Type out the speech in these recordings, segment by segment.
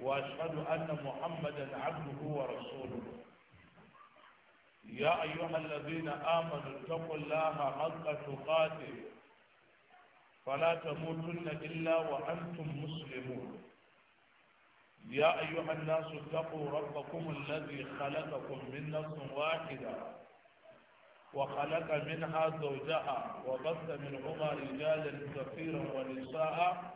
وأشهد أن محمدا عبده ورسوله يا أيها الذين آمنوا اتقوا الله حق تقاته فلا تموتن إلا وأنتم مسلمون يا أيها الناس اتقوا ربكم الذي خلقكم من نفس واحدة وخلق منها زوجها وبث منهما رجالا كثيرا ونساء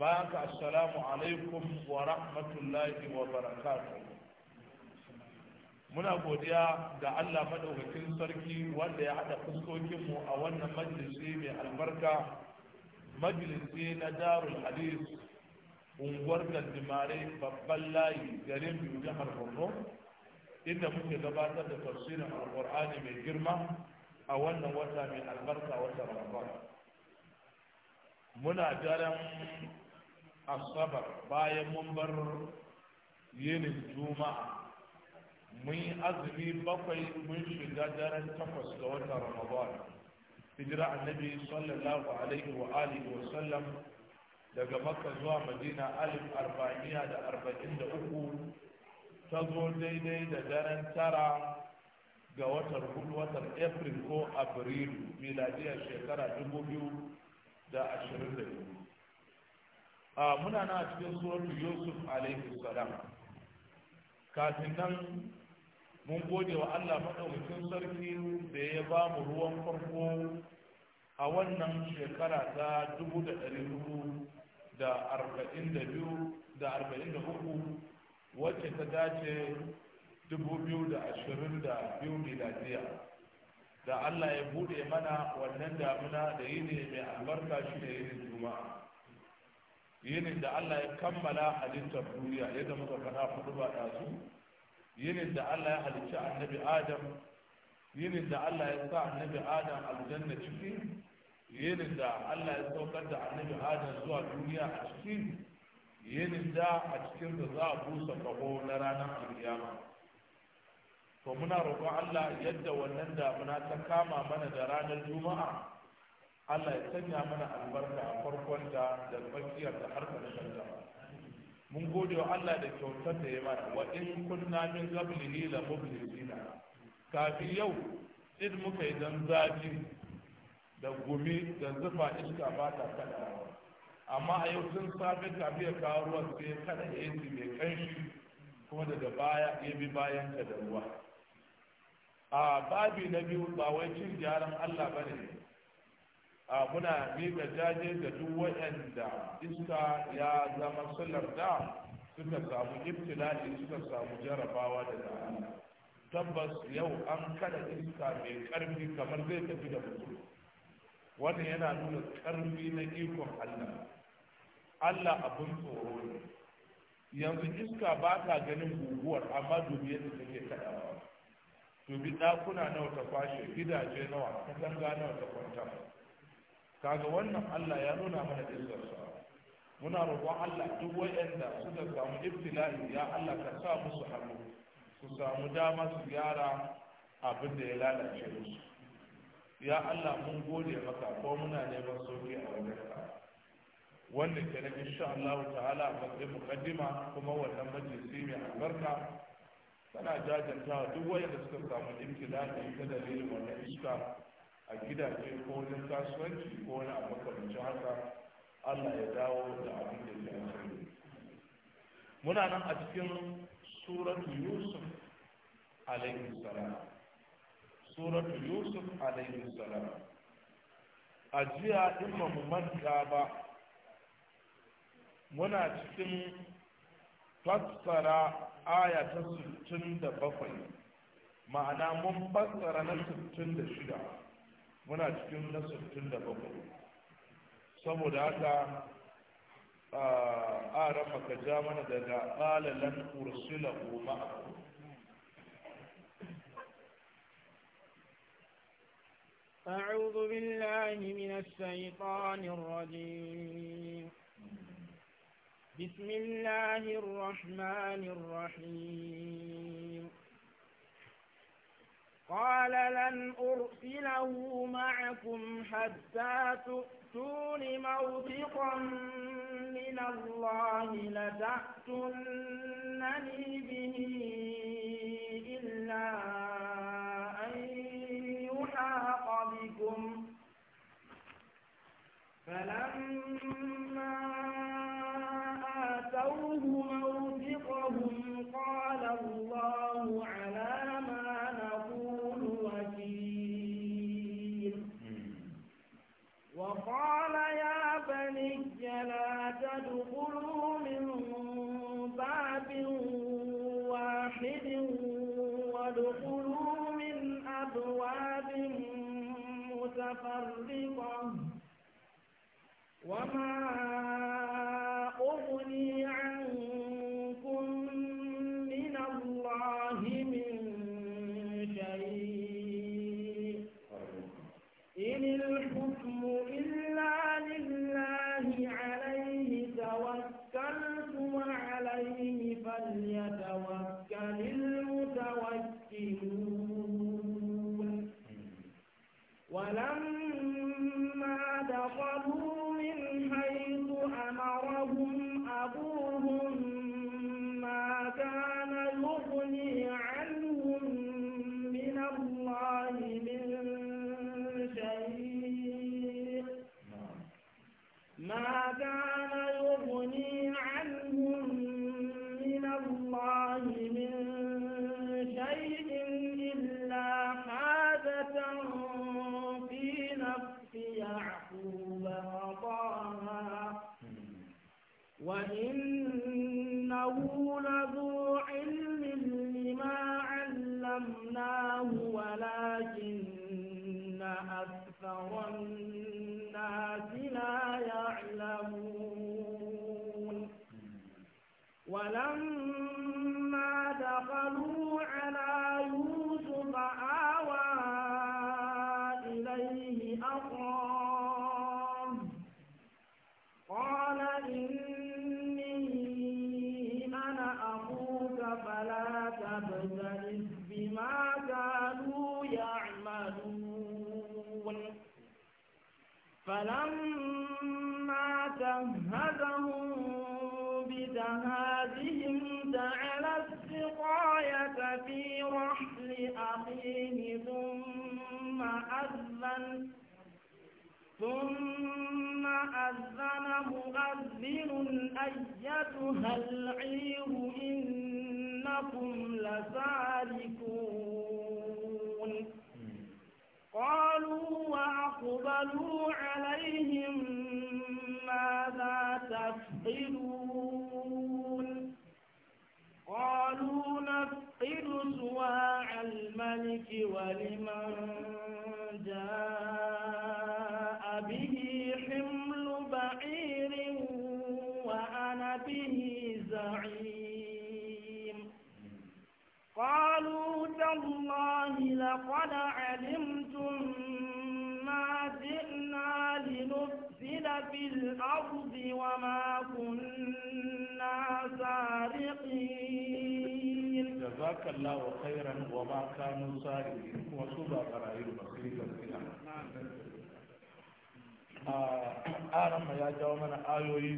باك السلام عليكم ورحمة الله وبركاته muna godiya ga Allah madaukakin sarki wanda ya haɗa fuskokinmu a wannan majalisi mai albarka majalisi na darul hadis unguwar gandimare babban layi garin biyu jihar borno inda muke gabatar da tafsirin alkur'ani mai girma a wannan wata mai albarka wata ramadan muna daren asabar bayan mun bar yinin juma'a mun yi azumi bakwai mun shiga daren takwas ga watan ramadan hijira annabi sallallahu alaihi wa alihi wa sallam daga makka zuwa madina alif arba'iniya da arba'in da uku ta zo daidai da daren tara ga watan hudu watan april ko abril miladiyar shekara dubu biyu da ashirin da biyu muna na cikin suratul yusuf alaihi salam kafin nan mun gode wa Allah maɗaukakin sarki da ya ba mu ruwan farko a wannan shekara ta dubu da ɗari hudu da arba'in da biyu da arba'in da uku wacce ta dace dubu biyu da ashirin da biyu miladiya da Allah ya buɗe mana wannan damuna da yi ne mai albarka shi da yini juma'a yinin da Allah ya kammala halittar duniya yadda muka faɗa hudu ba ɗazu yinin da Allah ya halicci annabi Adam yinin da Allah ya sa annabi Adam aljanna ciki yinin da Allah ya saukar da annabi Adam zuwa duniya a ciki yinin da a cikin da za a busa kaho na ranar alkiyama to muna roƙon Allah yadda wannan damuna ta kama mana da ranar juma'a Allah ya sanya mana albarka a farkon da da tsakiyar da har ƙarshen da mun gode wa Allah da kyautar da ya mana wa in kunna min qablihi la mublisina kafin yau in muka yi dan zafi da gumi da zufa iska ba ta kada amma a yau sun safe kafin ya kawo sai kada ya yi mai kanshi kuma daga baya ya bi bayan ka da ruwa a babi na biyu ba wai cin gyaran Allah bane A muna miƙa jaje da duk waɗanda iska ya zama sallar da suka samu ibtila'i suka samu jarabawa da ta'ala tabbas yau an kada iska mai ƙarfi kamar zai tafi da mutum Wani yana nuna ƙarfi na ikon Allah Allah abin tsoro ne yanzu iska ba ta ganin guguwar amma dubi yadda take kaɗawa dubi ɗakuna nawa ta fashe? gidaje nawa katanga nawa ta kwanta kaga wannan Allah ya nuna mana illar sa muna roƙon Allah duk wayanda suka samu ibtila'i ya Allah ka sa musu hannu su samu dama su gyara abin da ya lalace musu ya Allah mun gode maka ko muna neman sauki a wajen ka wannan kenan insha Allah ta'ala ba matsayin muqaddima kuma wannan majalisi mai albarka tana jajantawa duk wayanda suka samu ibtila'i ta dalilin wannan iska a gidaje ko wajen kasuwanci ko wani abu makamancin haka Allah ya dawo da abin da ya asali muna nan a cikin suratu yusuf alaihi salam suratu yusuf alaihi salam a jiya in ba mu manta ba muna cikin fassara aya ta 67 ma'ana mun fassara na 66 muna cikin na 67 saboda haka a rafa ka ja mana daga ƙalalan ursula goma a أعوذ بالله من الشيطان الرجيم بسم الله الرحمن الرحيم قال لن أرسله معكم حتى تؤتون موثقا من الله لتأتنني به إلا أن يحاق بكم فلما آتوه لا تدخلوا من باب واحد وادخلوا من أبواب متفرقة وما وإنه لذو علم لما علمناه ولكن أكثر الناس لا يعلمون ولما دخلوا فلما تهدهم بجهازهم جعل السقاية في رحل أخيه ثم أذن ثم أذن مؤذن أيتها العير إنكم لسالكون قالوا وأقبلوا عليهم ماذا تفقدون قالوا نفقد سواع الملك ولمن جاء به حمل بعير وأنا به زعيم قالوا تالله لقد علمتم ما جئنا لنفسد في الأرض وما كنا سارقين جزاك الله خيرا وما كانوا سارقين وصوبا قرائل بصيرا aran ya jawo mana ayoyi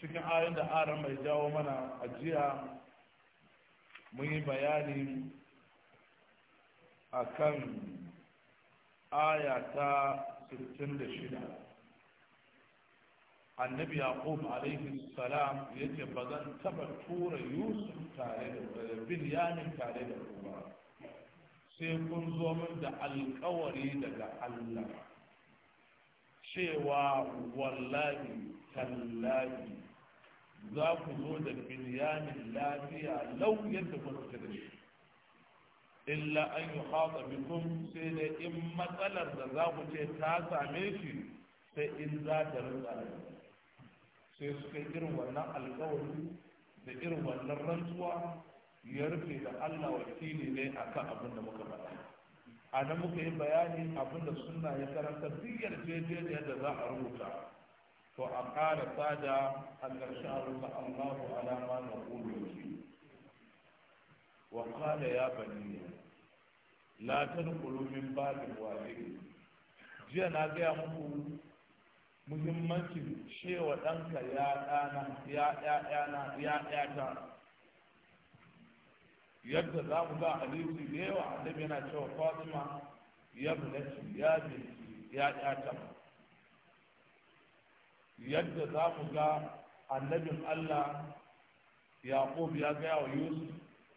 cikin ayoyin da aran mai jawo mana ajiya mun yi bayani a kan aya ta shida. annabi yaqub alaihi salam ya ce ba zan taba tura yusuf tare da yanin tare da ku sai kun zo min da alkawari daga allah cewa wallahi tallahi za ku zo da binyamin lafiya lau yadda kun fita da shi illa an yi haɗa bikin sai da in matsalar da za ku ce ta same shi sai in za ta rinsa sai suka irin wannan alkawari da irin wannan rantsuwa ya rufe da Allah wakili ne akan abin da muka faɗa a nan muka yi bayani abin da suna ya karanta duk yarjejeniyar da za a rubuta وأقال صادى أن شاء الله على ما نقول وقال يا بني لا تدخلوا من باب واحد jiya na gaya muku muhimmancin cewa ɗanka ya ɗana yadda za mu ga hadisi da yawa annabi yana cewa fatima ya bulaci ya ya ɗata yadda za mu ga annabin Allah Yaqub ya gaya wa Yusuf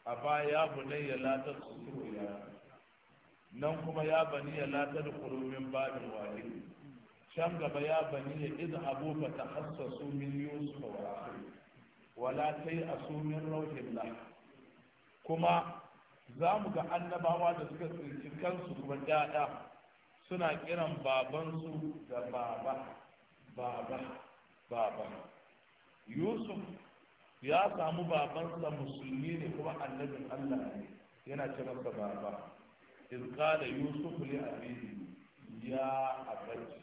a baya ya bunai ya latar su ya nan kuma ya bani ya latar kurumin babin wahid can gaba ya bani ya iz abu fa tahassasu min Yusuf wa wala tai asumin rauhillah kuma za mu ga annabawa da suka tsinci kansu kuma ɗaya suna kiran babansu da baba baba baba yusuf ya samu babansa musulmi ne kuma annabin allah ne yana ce masa baba in kada yusuf li abihi ya abaci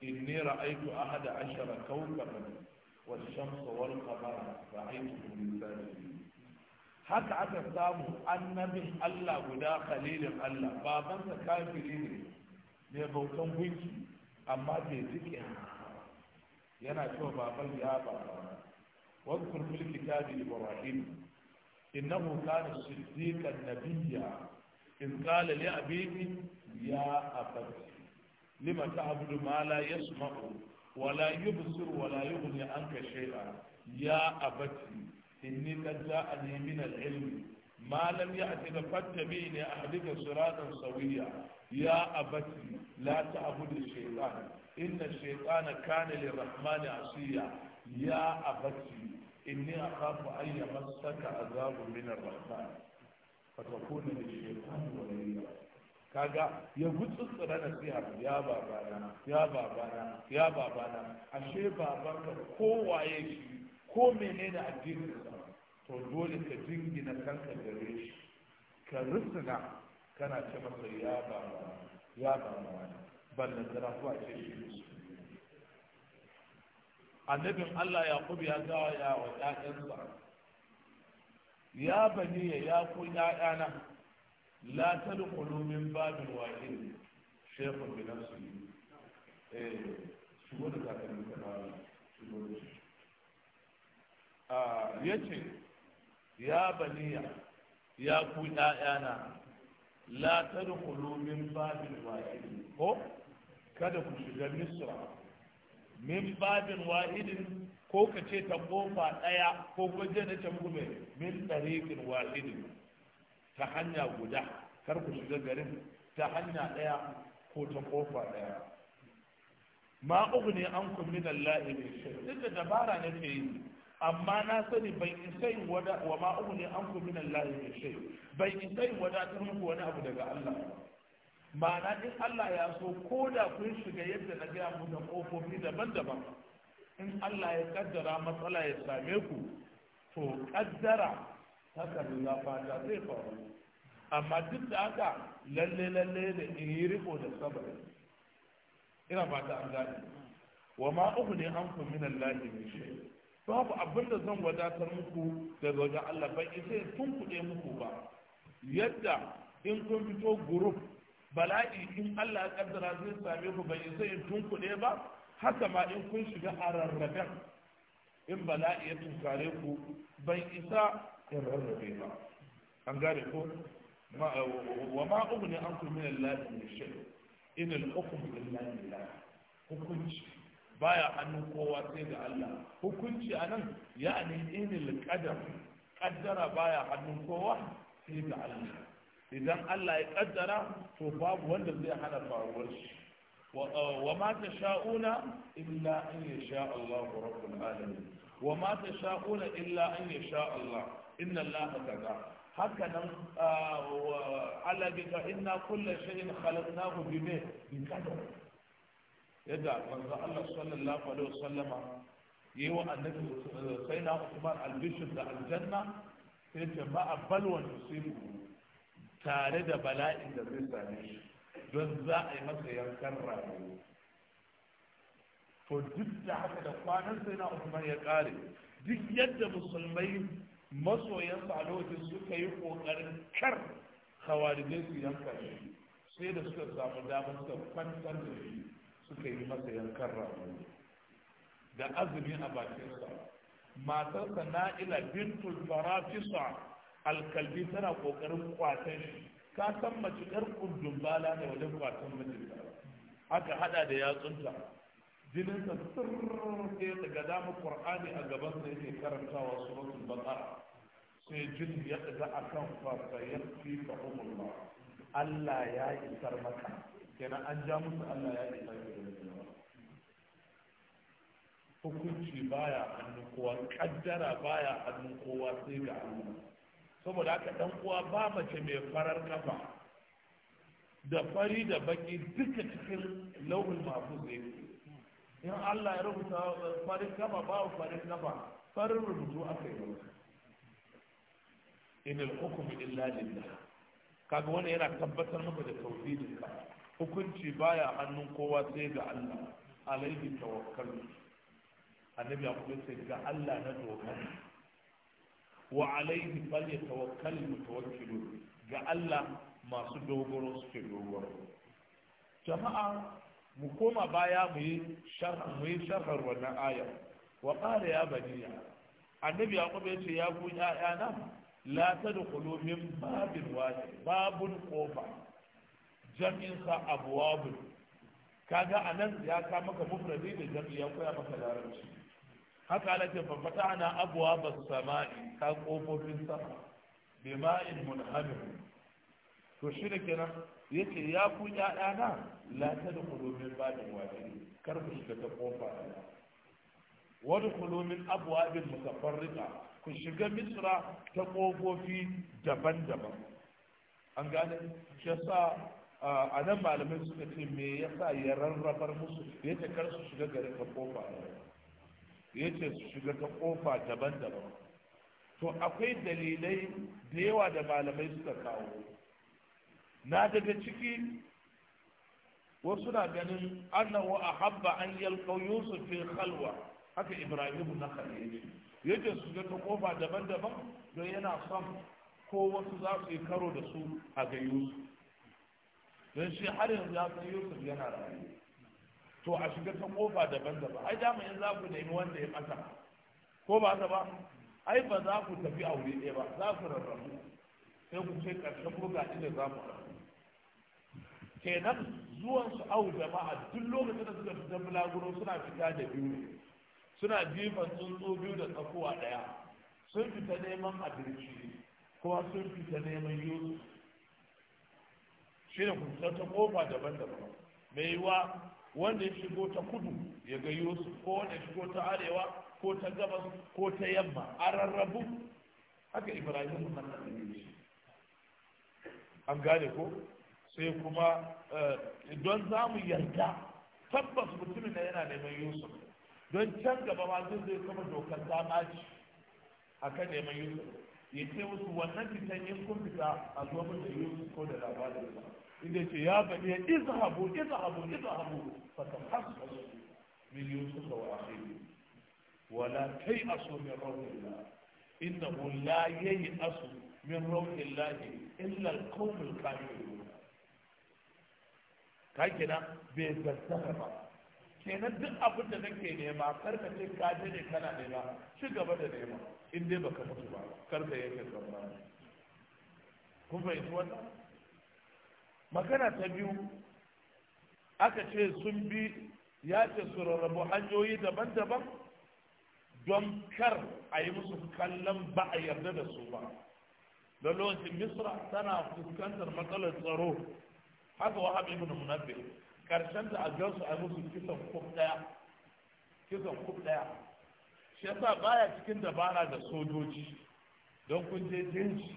inni ra'aytu ahada ashara kawkaban wal shamsa wal qamara ra'aytu min haka aka samu annabin Allah guda khalilin Allah babansa kafiri ne mai bautan gunki amma bai ba yana cewa baban ya ba wakil mulki ta bi ibrahim innahu kana shiddiqan nabiyya in qala li abiki ya abati lima ta'budu ma la yasma'u wa la yubsiru wa la yughni anka shay'an ya abati inni qad ja'ani min al-ilmi ma lam ya'ti da fattabi ne a hadika siratan sawiya ya abati la ta'bud shaytan inna shaytana kana lirrahman asiya ya abati inni akhafu an yamassaka azab min arrahman fa takuna min shaytan waliya kaga ya gutsu tsara da siya ya babana ya babana ya babana ashe ko waye ki? ko menene addinin sa to dole ka jingina kanka gare shi ka rusuna kana ce masa ya ba ya ba wani da zara ko a ce shi annabin Allah Yaqub ya gawa ya wa ba ya bani ya ya ku ƴaƴana la tadkhulu min babin wahid shaykhun bi nafsi eh shigo da ta kana shigo da shi a ah, yace ya baniya ya ku ƴaƴana la tadkhulu min babin wahid ko kada ku shiga misra min babin wahidin ko ka ce ta kofa ɗaya ko kuma na can gume min ɗariƙin wahidin ta hanya guda kar ku shiga garin ta hanya ɗaya ko ta kofa ɗaya ma uku ne an kun min Allah duk da dabara ke yi amma na sani bai sai wada wa ma ne an ku min Allah ya shay bai sai wada ta muku wani abu daga Allah ma'ana in Allah ya so ko da kun shiga yadda na gaya mu da kofofi daban-daban in Allah ya kaddara matsala ya same ku to kaddara ta riga fata zai faru amma duk da haka lalle lalle da in yi riko da sabari ina fata an gane wa ma ne an ku min Allah ya shay babu abin da zan wadatar muku daga wajen Allah ba sai tun kuɗe muku ba yadda in kun fito group bala'i in Allah ya kaddara zai same ku ba sai in tun kuɗe ba haka ma in kun shiga a rarraben in bala'i ya tunkare ku ban isa in rarrabe ba an gane ko wa ma ne an kun min Allah min shay in al hukm illa lillah hukunci baya hannun kowa sai ga Allah hukunci a nan, anan ya'ani inil qadar qaddara baya hannun kowa sai ga Allah idan Allah ya kaddara to babu wanda zai hana faruwar shi wa uh, ma tasha'una illa an yasha Allah rabbul alamin wa ma tasha'una illa an yasha Allah inna Allah kaza haka nan uh, Allah ya inna kullu shay'in khalaqnahu bi qadar yadda manzo Allah sallallahu alaihi wasallama yi wa annabi eh, sai na Usman albishir da aljanna sai ce ba a balwan yusibu tare da bala'in da zai same shi don za a yi masa yankan rayuwa to duk da haka da kwanan sai na Usman ya kare duk yadda musulmai masoyan sa lokacin suka yi kokarin kar hawarijai su yanka shi sai da suka samu damar suka kwantar da shi suka yi masa yankan rago da azumi a bakinsa matarsa na'ila bintul farafisa alkalbi tana kokarin kwatan shi ka san mace yar kundin bala ne wajen kwatan mijinta aka hada da yatsunta jininsa sirrin daga dama qur'ani a gaban sa yake karantawa suratul baqara sai jin ya daga akan fa ta fa Allah ya isar maka kenan an ja musu Allah ya isa sai da jama'a hukunci baya hannun kowa kaddara baya hannun kowa sai ga Allah saboda haka dan uwa ba mace mai farar kafa da fari da baki duka cikin lauhin mafu ne in Allah ya rubuta farin kafa ba farin kafa farin rubutu aka yi rubuta in al-hukm illa lillah kaga wannan yana tabbatar maka da tauhidin ka hukunci baya hannun kowa sai ga Allah alaihi tawakkal annabi akwai sai ga Allah na dogara wa alaihi fal yatawakkal mutawakkilu ga Allah masu dogoro suke dogoro jama'a mu koma baya mu yi sharh mu yi sharhar wannan aya wa qala ya baniya annabi akwai sai ya ku ya'yana la tadkhulu min babin wahid babun kofa jami'insa abuwabul kaga a nan ya ka maka mufradi da Jami ya koya maka larabci haka ala ce fa fata'na abwaba samai ka kofofin sama bima'in munhamir to shi da kenan ya ce ya ku na, la da kulomin babin wajen kar ku shiga ta kofa kulomin wadkhulu min abwabin mutafarriqa ku shiga misra ta kofofi daban-daban an gane shi yasa a nan malamai suka ce me yasa ya rarrabar musu ya ce kar su shiga gare ta kofa ya ce su shiga ta kofa daban-daban to akwai dalilai da yawa da malamai suka kawo na daga ciki wasu na ganin annahu habba an yalqaw yusuf fi khalwa haka ibrahim na Ya ce su shiga ta kofa daban-daban don yana son ko wasu za su yi karo da su a ga yusuf don shi har yanzu ya san yusuf yana rayu to a shiga ta kofa daban-daban ai dama in za ku nemi wanda ya ɓata ko ba ta ba ai ba za ku tafi a wuri ɗaya ba za ku rarrabu sai ku ce ƙarshen buga inda za mu rarrabu kenan zuwan su au jama'a duk lokacin da suka fita bulaguro suna fita da biyu ne. suna jifan tsuntsu biyu da tsakuwa ɗaya sun fita neman abinci kuma sun fita neman yusuf shi ne ku ta kofa daban-daban mai yiwa wanda ya shigo ta kudu ya ga yusuf ko wanda ya shigo ta arewa ko ta gabas ko ta yamma a rarrabu haka ibrahim ne. an gane ko sai kuma eh, don za mu yarda tabbas mutumin da yana neman yusuf don can gaba ma zai zai kama dokar ta a kan neman yusuf ya ce musu wannan fitan in kun fita a zo mun da yusuf ko da labarin sa inda ce ya bani ya izhabu izhabu izhabu fa tahassasu min yusuf wa akhihi wala tayasu min rawillah innahu la yayasu min rawillah illa al-qawm al-kafirun kai kenan bai zartaka ba kenan duk abin da nake nema kar ka ce ka je ne kana nema ci gaba da nema in dai baka mutu ba kar ka yake zama kun fahimci wannan magana ta biyu aka ce sun bi ya ce su rarrabu hanyoyi daban-daban don kar a yi musu kallon ba a yarda da su ba da lokacin misra tana fuskantar matsalar tsaro haka wa ibn munafi karshen da a gansu a musu kisan kuf daya kisan kuf daya shi yasa baya cikin dabara da sojoji don kun je jinji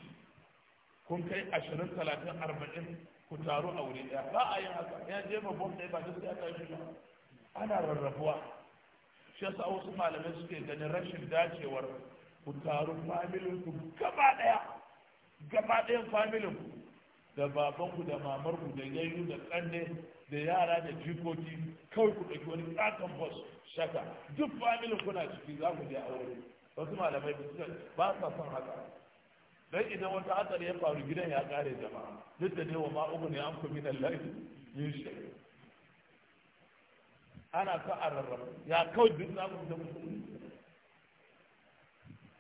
kun kai ashirin talatin arba'in ku taru a wuri daya ba a yin haka ya je ma bom ɗaya ba duk ya tashi ba ana rarrabuwa shi yasa wasu malamai suke ganin rashin dacewar ku taru familin ku gaba daya gaba ɗayan familin ku da babanku da mamarku da yayyu da kanne da yara da jikoki kawai ku ɗauki wani ƙaton bus shaka duk familin kuna ciki za ku je aure wasu malamai ba sa son haka dan idan wata hatsari ya faru gidan ya kare jama'a duk da dai wa ma uku ne an ku min Allah yin shi ana ka a rarraba ya kawai duk za ku da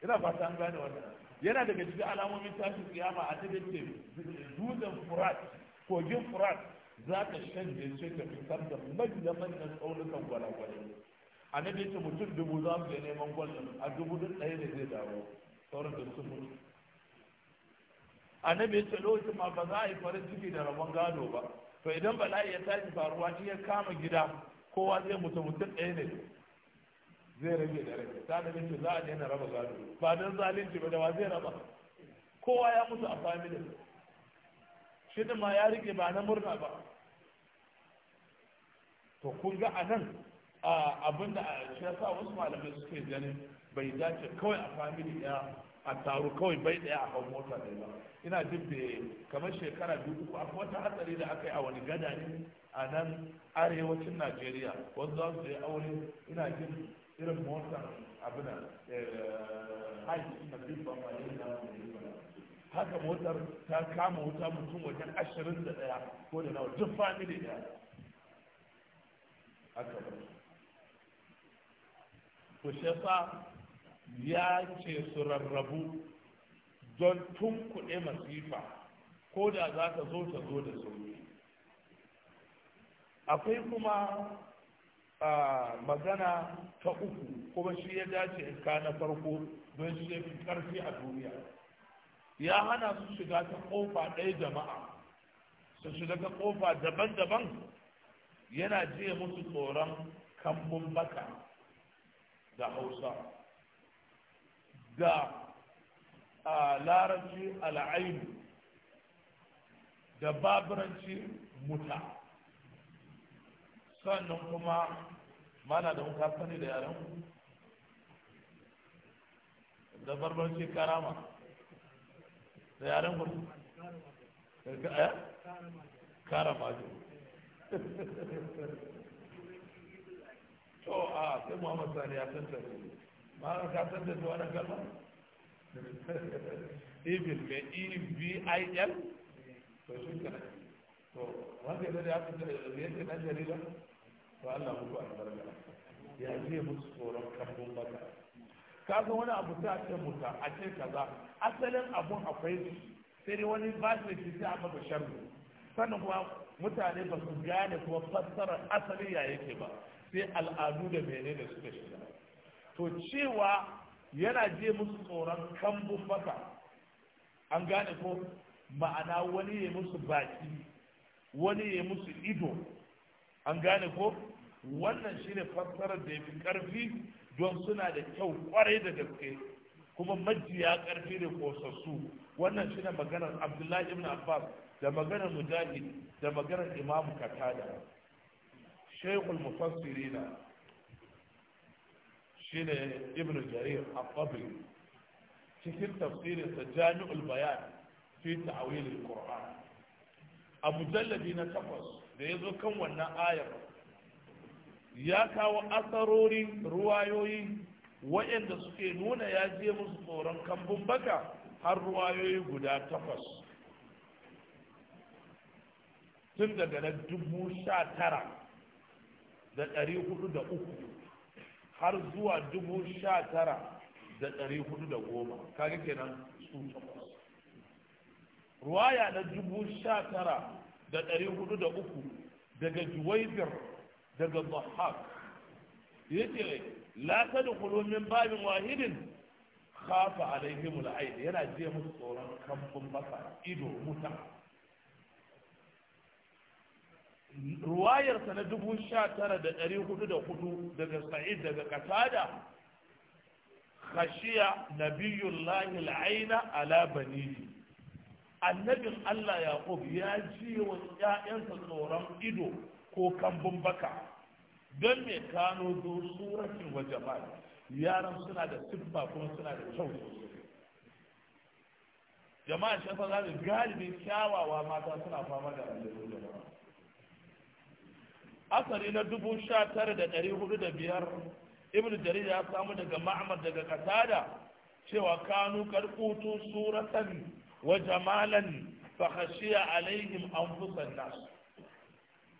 ina fata an gane wannan yana daga cikin alamomin tashin kiyama a cikin ce dutsen furat kogin furat za ka canje ce ka fitar da manya-manyan tsaunukan gwalagwalai a nan ce mutum dubu za su je neman gwalin a dubu duk ɗaya ne zai dawo sauran da su. mutu a nan ce lokacin ma ba za a yi farin ciki da rabon gado ba to idan bala'i ya tashi faruwa shi ya kama gida kowa zai mutu mutum ɗaya ne zai rage da rage ta da nake za a daina raba gado ba don zalunci ba da wa zai raba kowa ya mutu a familin shi ma ya rike ba na murna ba to kun ga a nan abin da shi ya sa wasu malamai suke ganin bai dace kawai a famili ya a taru kawai bai ɗaya a hau mota ne ba ina jin da kamar shekara biyu uku akwai wata hatsari da aka yi a wani gada ne a nan arewacin najeriya wanda za su yi aure ina jin irin motar abin haiti na eh, biyu ban bayan da haka motar ta kama wuta mutum wajen ashirin da ɗaya ko da nawa duk famili ya haka ba ku shafa ya ce su rarrabu don tun kuɗe masifa ko da za ta zo ta zo da sauri akwai kuma magana ta uku kuma shi ya dace in ka na farko don shi ya fi karfi a duniya ya hana su shiga ta kofa ɗaya jama'a su shiga ta kofa daban-daban yana je musu tsoron kambun baka da hausa da larabci al'ainu da baburanci muta sannan kuma mana da ka sani da yaren da barbarci karama da yaren ku eh? karama ji to a sai muhammad sani ya tantar ma ka tantar da wannan kalma ibil me e-v-i-l to shi kana to wanda ya tantar da yadda na jarida to Allah a albarka ya zai musu tsoron kambun baka kaga wani abu ta ce muta a ce kaza asalin abun akwai su sai wani ba su shi sai aka ba sharri sannan kuma mutane ba su gane kuma fassara asalin ya yake ba sai al'adu da menene suka shiga to cewa yana je musu tsoron kambun baka an gane ko ma'ana wani ya musu baki wani ya musu ido an gane ko wannan shine fassarar da yafi karfi don suna da kyau kwarai da gaske kuma majiya karfi da kosassu wannan shine maganar abdullahi ibn abbas da maganar mujahid da maganar Imam katada shaykhul mufassirina shine ibn jarir al-qabri cikin tafsirin sa jami'ul bayan fi ta'wil al-qur'an Abu mujalladi na takwas da ya zo kan wannan ayar ya kawo asarori ruwayoyi waɗanda suke nuna ya je musu tsoron kambun baka har ruwayoyi guda takwas tun daga na dubu sha tara da ɗari hudu da uku har zuwa dubu sha tara da ɗari hudu da goma kaga kenan su takwas ruwaya na dubu sha tara da ɗari hudu da uku daga juwaifir daga Bahak, ya ce la ta da min babin wahidin khafa alaihim al'aid yana je musu tsoron kamfin masa ido mutan. ruwayarsa na dubu sha tara da ɗari hudu da hudu daga sa'id daga katada khashiya nabiyullahi al'aina ala banihi annabin Allah Yaqub ya ji wa ƴaƴansa tsoron ido ko kambun baka don me kano zo suratin wa jama'a yaran suna da siffa kuma suna da kyau jama'a shi fa za galibin kyawawa mata suna fama da annabi jama'a asali na dubu sha tara da ɗari hudu da biyar ibn jarir ya samu daga ma'amar daga katada cewa kanu karkutu suratan wa jamalan fa khashiya alaihim anfusan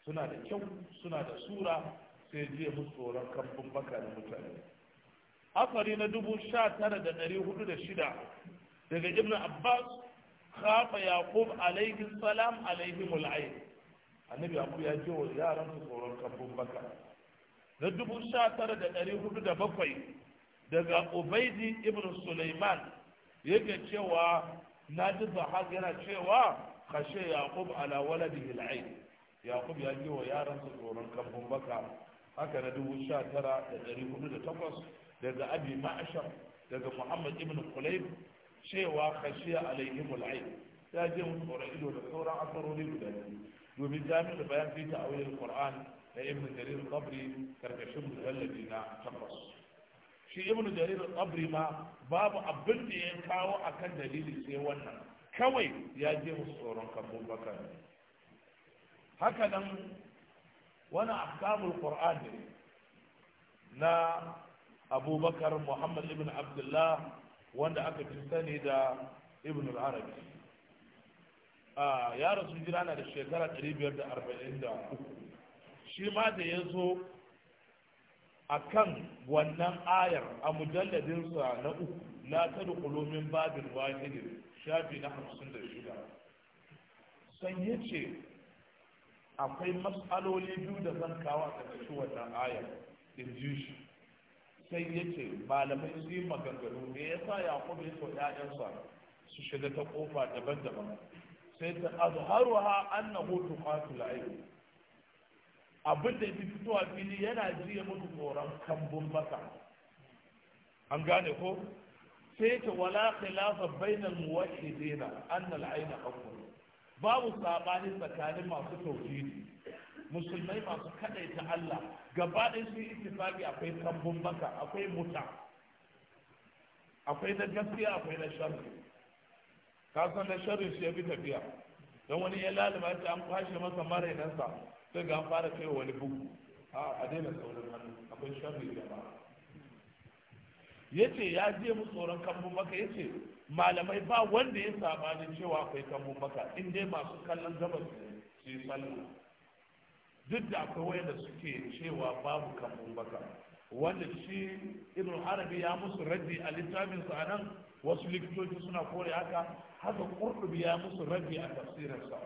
suna da kyau suna da sura sai jiya musu tsoron kamfin baka da mutane afari na dubu sha tara da ɗari hudu da shida daga ibn abbas khafa yaqub alaihi salam alaihi mul'ayn annabi yaqub ya ce wa yaran su tsoron kambun baka na dubu sha tara da ɗari hudu da bakwai daga ubaidi ibn sulaiman yake cewa na ji zahak yana cewa kashe yaqub ala waladihi al'ain yaqub ya ji wa yaransa tsoron kambun baka haka na dubu sha da hudu da takwas daga abi ma'ashar daga muhammad ibn kulayb cewa kashe alaihim al'ain ya ji wa tsoron ido da sauran asarori guda biyu domin jami'in bayan fita a wajen qur'an da ibn jarir qabri karkashin mujallabi na takwas shi ibnu jarir al-qabri ma babu abin da ya kawo akan dalili sai wannan kawai ya je musu tsoron kabun bakar haka nan wani ahkamul qur'an ne na abubakar muhammad ibn abdullah wanda aka fi sani da ibn al-arabi ya rasu jira na da shekara 543 shi ma da ya zo akan wannan ayar a mujalladin sa na uku la tadkhulu min babin wahid shafi na hamsin 56 san yace akwai mas'aloli biyu da zan kawo a ƙarƙashin wannan ayar in ji shi sai yace malamai su yi maganganu me yasa yaqub ya so 'ya'yansa su shiga ta kofa daban-daban sai ta azharuha annahu tuqatul ayyub abin da ya fitowa fili yana jiya mutu tsoron kambun maka an gane ko sai ta wala khilafa bainal muwahhidina an al ayna haqqun babu sabani tsakanin masu tauhidi musulmai masu kadaita Allah gaba ɗaya sun ittifaqi akwai kambun maka akwai muta akwai na gaskiya akwai na sharri ka san na sharri shi ya bi tafiya Dan wani ya lalima ta an kwashe masa marainansa sai ga an fara kai wani bugu a daina saurin hannu akwai sharri da ba yace ya je mu tsoron kambun baka yace malamai ba wanda ya sabani cewa akwai kambun baka in dai masu kallon gabas su yi sallu duk da akwai wanda suke cewa babu kambun baka wanda shi ibn arabi ya musu raddi a littafin sa nan wasu likitoci suna kore haka haka kurdubi ya musu raddi a tafsirin sa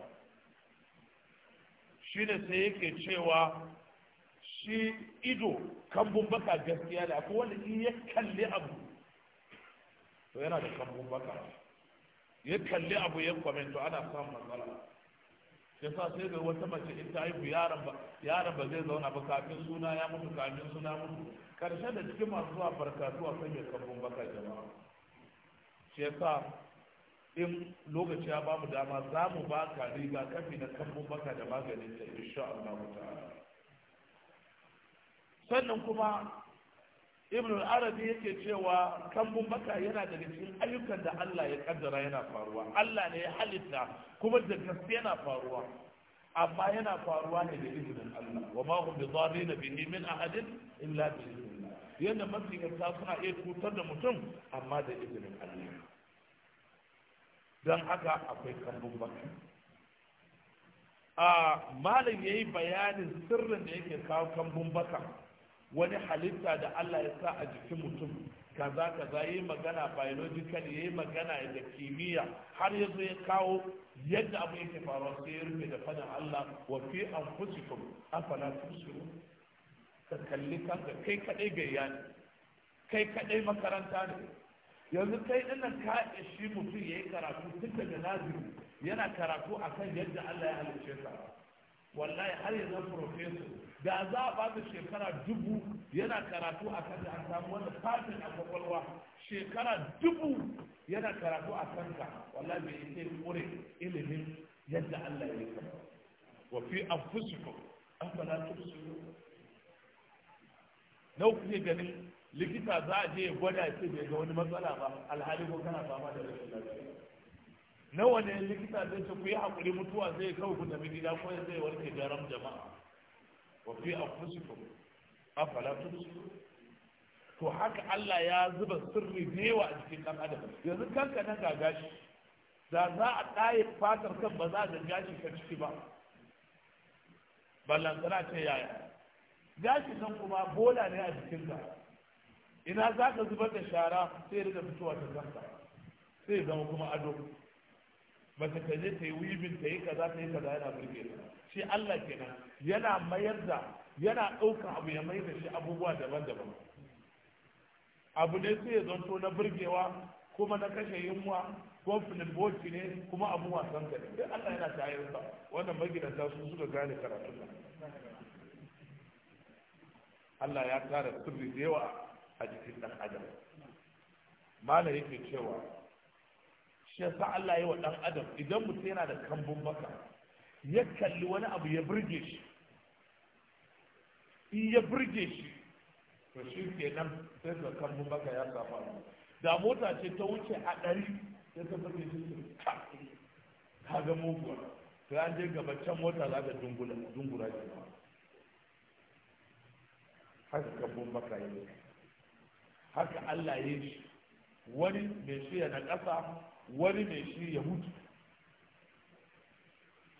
shine sai yake cewa shi ido kambun baka gaskiya da akwai wanda in ya kalli abu to yana da kambun baka ya kalli abu ya kwamento ana samun matsala ya sa sai ga wata mace in ta haihu yaron ba zai zauna ba kafin suna ya mutu kafin suna mutu karshe da cikin masu zuwa barkatu a sanya kambun baka jama'a shi ya sa in lokaci ya ba mu dama za mu ba ka riga kafi na kambun baka da maganin ta insha Allah ta'ala sannan kuma ibn al-arabi yake cewa kambun baka yana daga cikin ayyukan da Allah ya kaddara yana faruwa Allah ne ya halitta kuma da gaske yana faruwa amma yana faruwa ne da izinin Allah wa ma hum bidarrin bihi min ahadin illa bi idhnillah yanda mafi suna iya cutar da mutum amma da izinin Allah don haka akwai kambun baka a malam ya yi bayanin sirrin da yake kawo kambun baka wani halitta da allah ya sa a jikin mutum kaza kaza ya yi magana biological ya yi magana da kimiyya har ya zo ya kawo yadda abu yake faruwa sai ya rufe da fadin allah wa fi an fusikum afala ka kalli kanka kai kadai gayya ne kai kadai makaranta ne yanzu kai ina ka ishi mutum ya yi karatu tun daga naziri yana karatu akan yadda Allah ya halice sa wallahi har yanzu profesor da za a ba da shekara dubu yana karatu a kan da samu wanda fatin a kwakwalwa shekara dubu yana karatu a ka wallahi bai yi kore ilimin yadda Allah ya yi kama wa fi anfusikum afala tubsirun nau kuke ganin likita za a je gwada ce bai ga wani matsala ba alhali ko kana fama da rashin lafiya nawa ne likita zai ce ku yi hakuri mutuwa zai kawo ku tafi gida ko zai warke garam jama'a wa fi anfusikum afala tusu to haka Allah ya zuba sirri ne wa a cikin dan adam yanzu kanka na gagashi da za a tsaye fatar kan ba za a gashi ka ciki ba tsara ce yaya gashi nan kuma bola ne a jikinka ina za ka zubar da shara sai rika fitowa ta kanka sai zama kuma ado ba ta kaje ta yi wibin ta yi kaza ta yi kaza yana burge ta shi Allah kenan yana mayar da yana ɗauka abu ya mayar da shi abubuwa daban-daban abu ne sai ya zanto na burgewa kuma na kashe yunwa ko filiboti ne kuma abu wasan gari sai Allah yana tayar sa wannan magidanta su suka gane karatun Allah ya kara sirri da yawa a jikin ɗan adam malam yake cewa shi yasa Allah ya wa ɗan adam idan mutum yana da kambun baka ya kalli wani abu ya burge shi in ya burge shi to shi ke nan sai ka kambun baka ya samu da mota ce ta wuce a ɗari ya ta burge shi ka ga muguwa sai an je gaban can mota za ka dungura ke haka kambun maka ya yi haka Allah ya yi wani mai shi ya na ƙasa wani mai shi ya mutu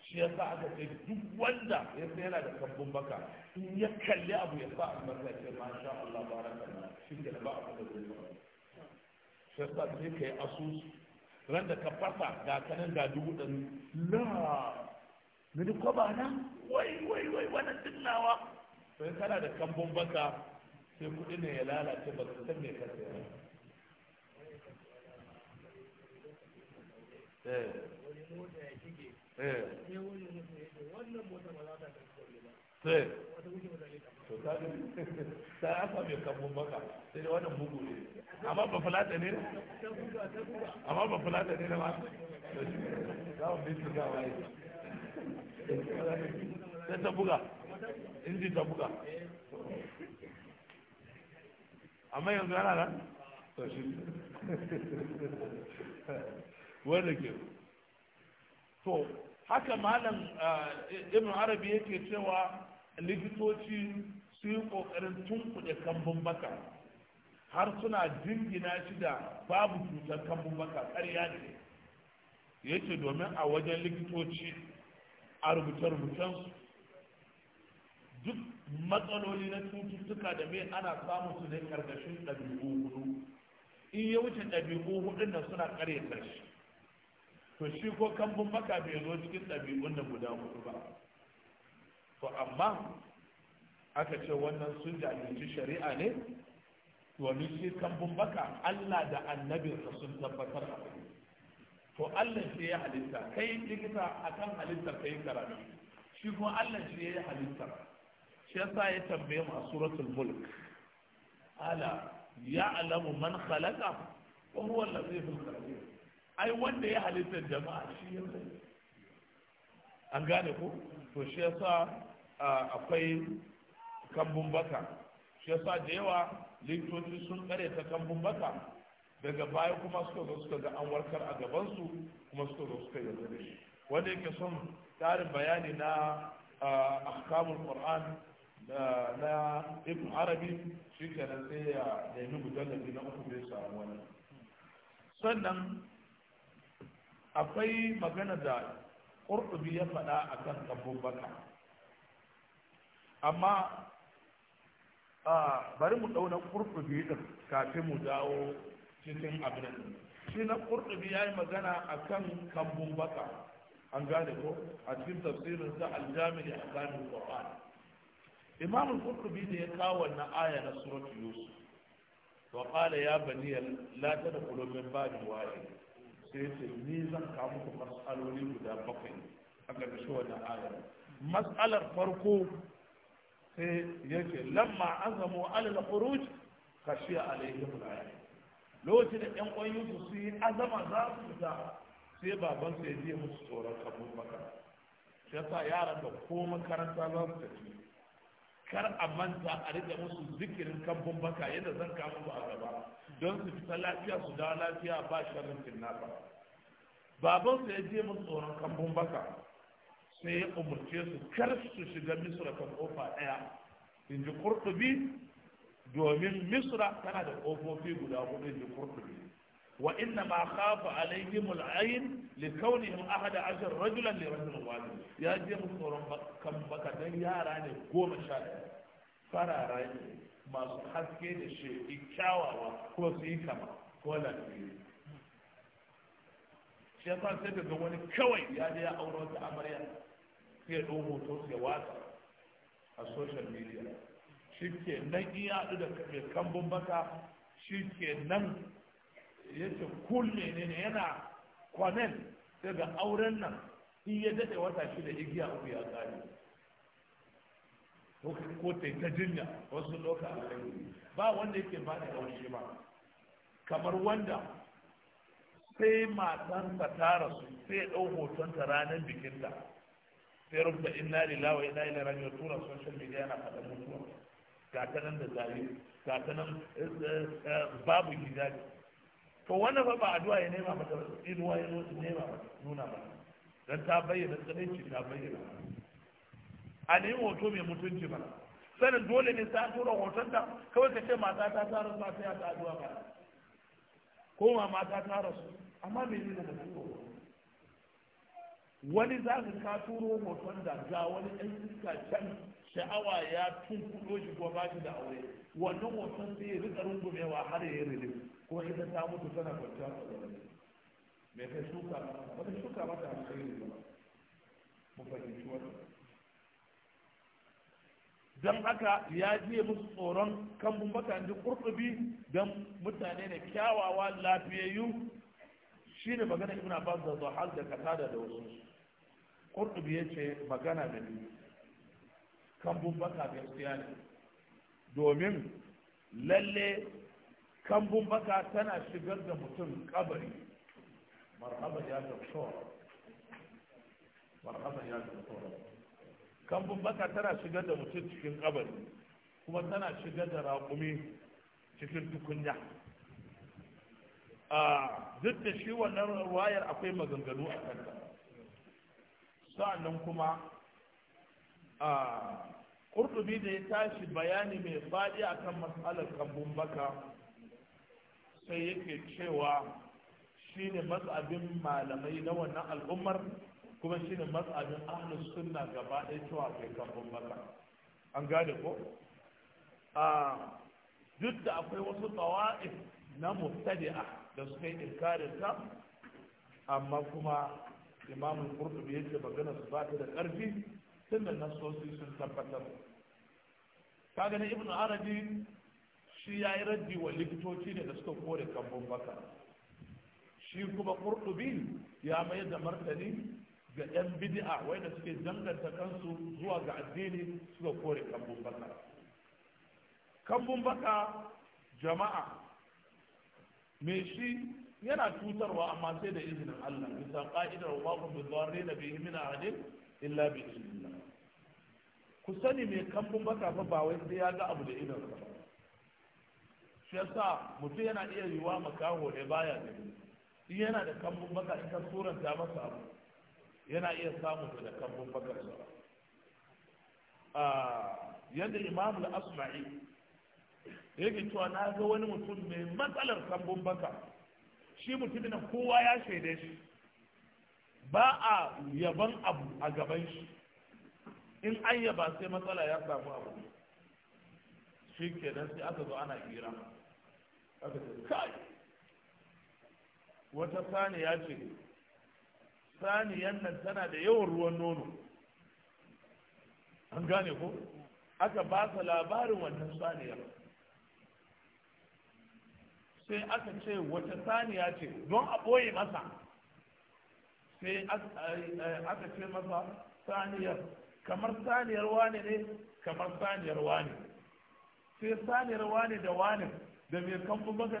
shi ya sa aka ce duk wanda ya sai yana da sabbin baka in ya kalli abu ya sa albarka ya ma sha Allah raka na shi da ba abu da zai faru shi ya sa sai ka yi asusu ran da ka fasa ga kanan ga dubu ɗari la mini kwabana? na wai wai wai wannan dinnawa nawa sai kana da kambun baka sai kudi ne ya lalace ba su san eh. Eh. Eh. mai baka sai ta buga ji ta buga amma yanzu yana nan to shi wanda ke to haka malam ibn arabi yake cewa likitoci su yi kokarin tunkuɗe kambun baka har suna jingina shi da babu cutar kambun baka ƙarya ne yake domin a wajen likitoci a rubuce-rubucensu duk matsaloli na cututtuka da mai ana samun su ne ƙarƙashin ɗabi'u hudu in ya wuce ɗabi'u hudun nan suna ƙare shi to shi ko kambun maka bai zo cikin ɗabi'un da guda hudu ba to amma aka ce wannan sun jajirci shari'a ne domin shi kambun maka Allah da annabinsa sun tabbatar a to Allah shi ya halitta kai likita akan halittar kai karatu shi ko Allah shi ya halitta shi sa ya tambaye mu a suratul mulk ala ya'lamu man khalaqa wa huwa al-latiful ai wanda ya halitta jama'a shi ya sani an gane ko to shi yasa akwai kambun baka shi yasa da yawa likitoci sun kare ta kambun baka daga baya kuma suka ga suka ga an warkar a gabansu kuma suka ga suka yarda da shi wanda yake son tarin bayani na ahkamul qur'an na ibn arabi shi nan sai ya nemi mujallabi na uku bai samu wani sannan akwai magana da ƙurɗubi ya faɗa a kan baka. amma bari mu ɗauna ƙurɗubi da kafin mu dawo cikin abin shi na ƙurɗubi ya yi magana a kan kambun baka an gane ko a cikin tafsirinsa aljami da a ƙur'ani imam al-qurtubi ne ya kawo wannan aya na suratul yusuf wa qala ya bani la tadkhulu min babin wahid sai ce ni zan kawo muku mas'aloli guda bakwai a shi wannan ayar mas'alar farko sai yake lamma azamu alal khuruj khashiya alaihim al lokacin da ƴan ƙwan Yusuf su yi azama za su fita sai baban sai ya je musu tsoron kabul makara shi yasa yaran da ko makaranta za su tafi kar a manta a rika musu zikirin kambun baka yadda zan kama ba a gaba don su fita lafiya su dawo lafiya ba sharrin ba. baban su ya je mun tsoron kambun baka sai ya umarce su kar su shiga misra kan kofa ɗaya in ji kurtubi domin misra tana da kofofi guda hudu in ji kurtubi wa inna ma khafa alaihim al'ayn li kaunihim ahada ashar rajulan li rajulin wahid ya je mu tsoron kan baka yara ne goma sha farara masu haske da shi kyawawa ko su kama ko lafiya shi sai ga wani kawai ya je ya auro ta amarya sai ya ɗau hoto sai a social media shi ke nan in haɗu da mai kambun baka shi nan yake kul menene yana kwamen daga auren nan in ya daɗe wata da igiya uku ya tsari ko ta ta jinya wasu loka ba wanda yake ba da shi ba kamar wanda sai matansa ta rasu sai ɗau hotonta ranar ta sai rubuta inna lillahi wa inna ilaihi raji'un tura social media yana fada mutuwa ga ta nan da zari ga ta nan eh, eh, eh, babu gidaje. to wannan fa ba addu'a ya nema mata ba ruwa ya zo su nema mata nuna mata dan ta bayyana tsananci ta bayyana a nemi hoto mai mutunci ba sanin dole ne ta tura hoton ta kawai ka ce mata ta ta rasu sai ta addu'a ba ko ma mata ta rasu amma me ne da hoto wani za ka turo hoton da ga wani ɗan iska can sha'awa ya tunkudo shi ko ba shi da aure wannan wasan sai ya rika rungumewa har ya yi kuma ita ta mutu tana kwanciya a wani me kai shuka wata shuka mata a cikin ba mu fahimci wannan don haka ya je musu tsoron kan baka ji kurkubi don mutane da kyawawa lafiyayyu shi ne magana ibn abbas da zuhal da katada da wasu kurkubi ya ce magana da biyu kambun baka gaskiya ne domin lalle kambun baka tana shigar da mutum kabari marhaba ya doktor marhaba ya kan kambun baka tana shigar da mutum cikin kabari kuma tana shigar da raƙumi cikin tukunya ah, duk da shi wannan ruwayar akwai maganganu a kanta sa'annan kuma a da ya tashi bayani mai faɗi akan matsalar kambun baka sai yake cewa shine matsabin malamai na wannan al'ummar kuma shine matsabin ahlus sunna gaba ɗaya cewa kai kambun baka an gane ko duk da akwai wasu tsawa'i na mubtadi'a da suka yi ta amma kuma imamun qurtubi yake magana su ba ta da ƙarfi tun da nasosi sun tabbatar kaga na ibn arabi shi ya yi raddi wa likitoci ne da suka kore kambun baka shi kuma kurtubi ya mayar da martani ga yan bid'a wanda suke danganta kansu zuwa ga addini suka kore kambun baka kambun baka jama'a mai shi yana cutarwa amma sai da izinin Allah bisa ƙa'idar, wa ba zuwa bi bihi min ahadin illa bi ilmi ku sani mai kambun baka fa ba wai sai ya ga abu da idan sa shi yasa mutum yana iya yiwa makaho ne baya da in yana da kambun baka ita suran ta masa abu yana iya samun da kambun da ba. Ah, yadda imamu al-asma'i yake cewa na ga wani mutum mai matsalar kambun baka shi mutumin kowa ya shaida shi ba a yaban abu a gaban shi in an yaba sai matsala ya samu abu shi ke nan sai aka zo ana hira aka ce kai wata saniya ce saniyan nan tana da yawan ruwan nono an gane ko aka ba ka labarin wannan saniyar sai aka ce wata saniya ce don a ɓoye masa sai eh, aka ce masa saniyar kamar saniyar wane ne kamar saniyar wane sai saniyar wane da wane da mai kamfin baka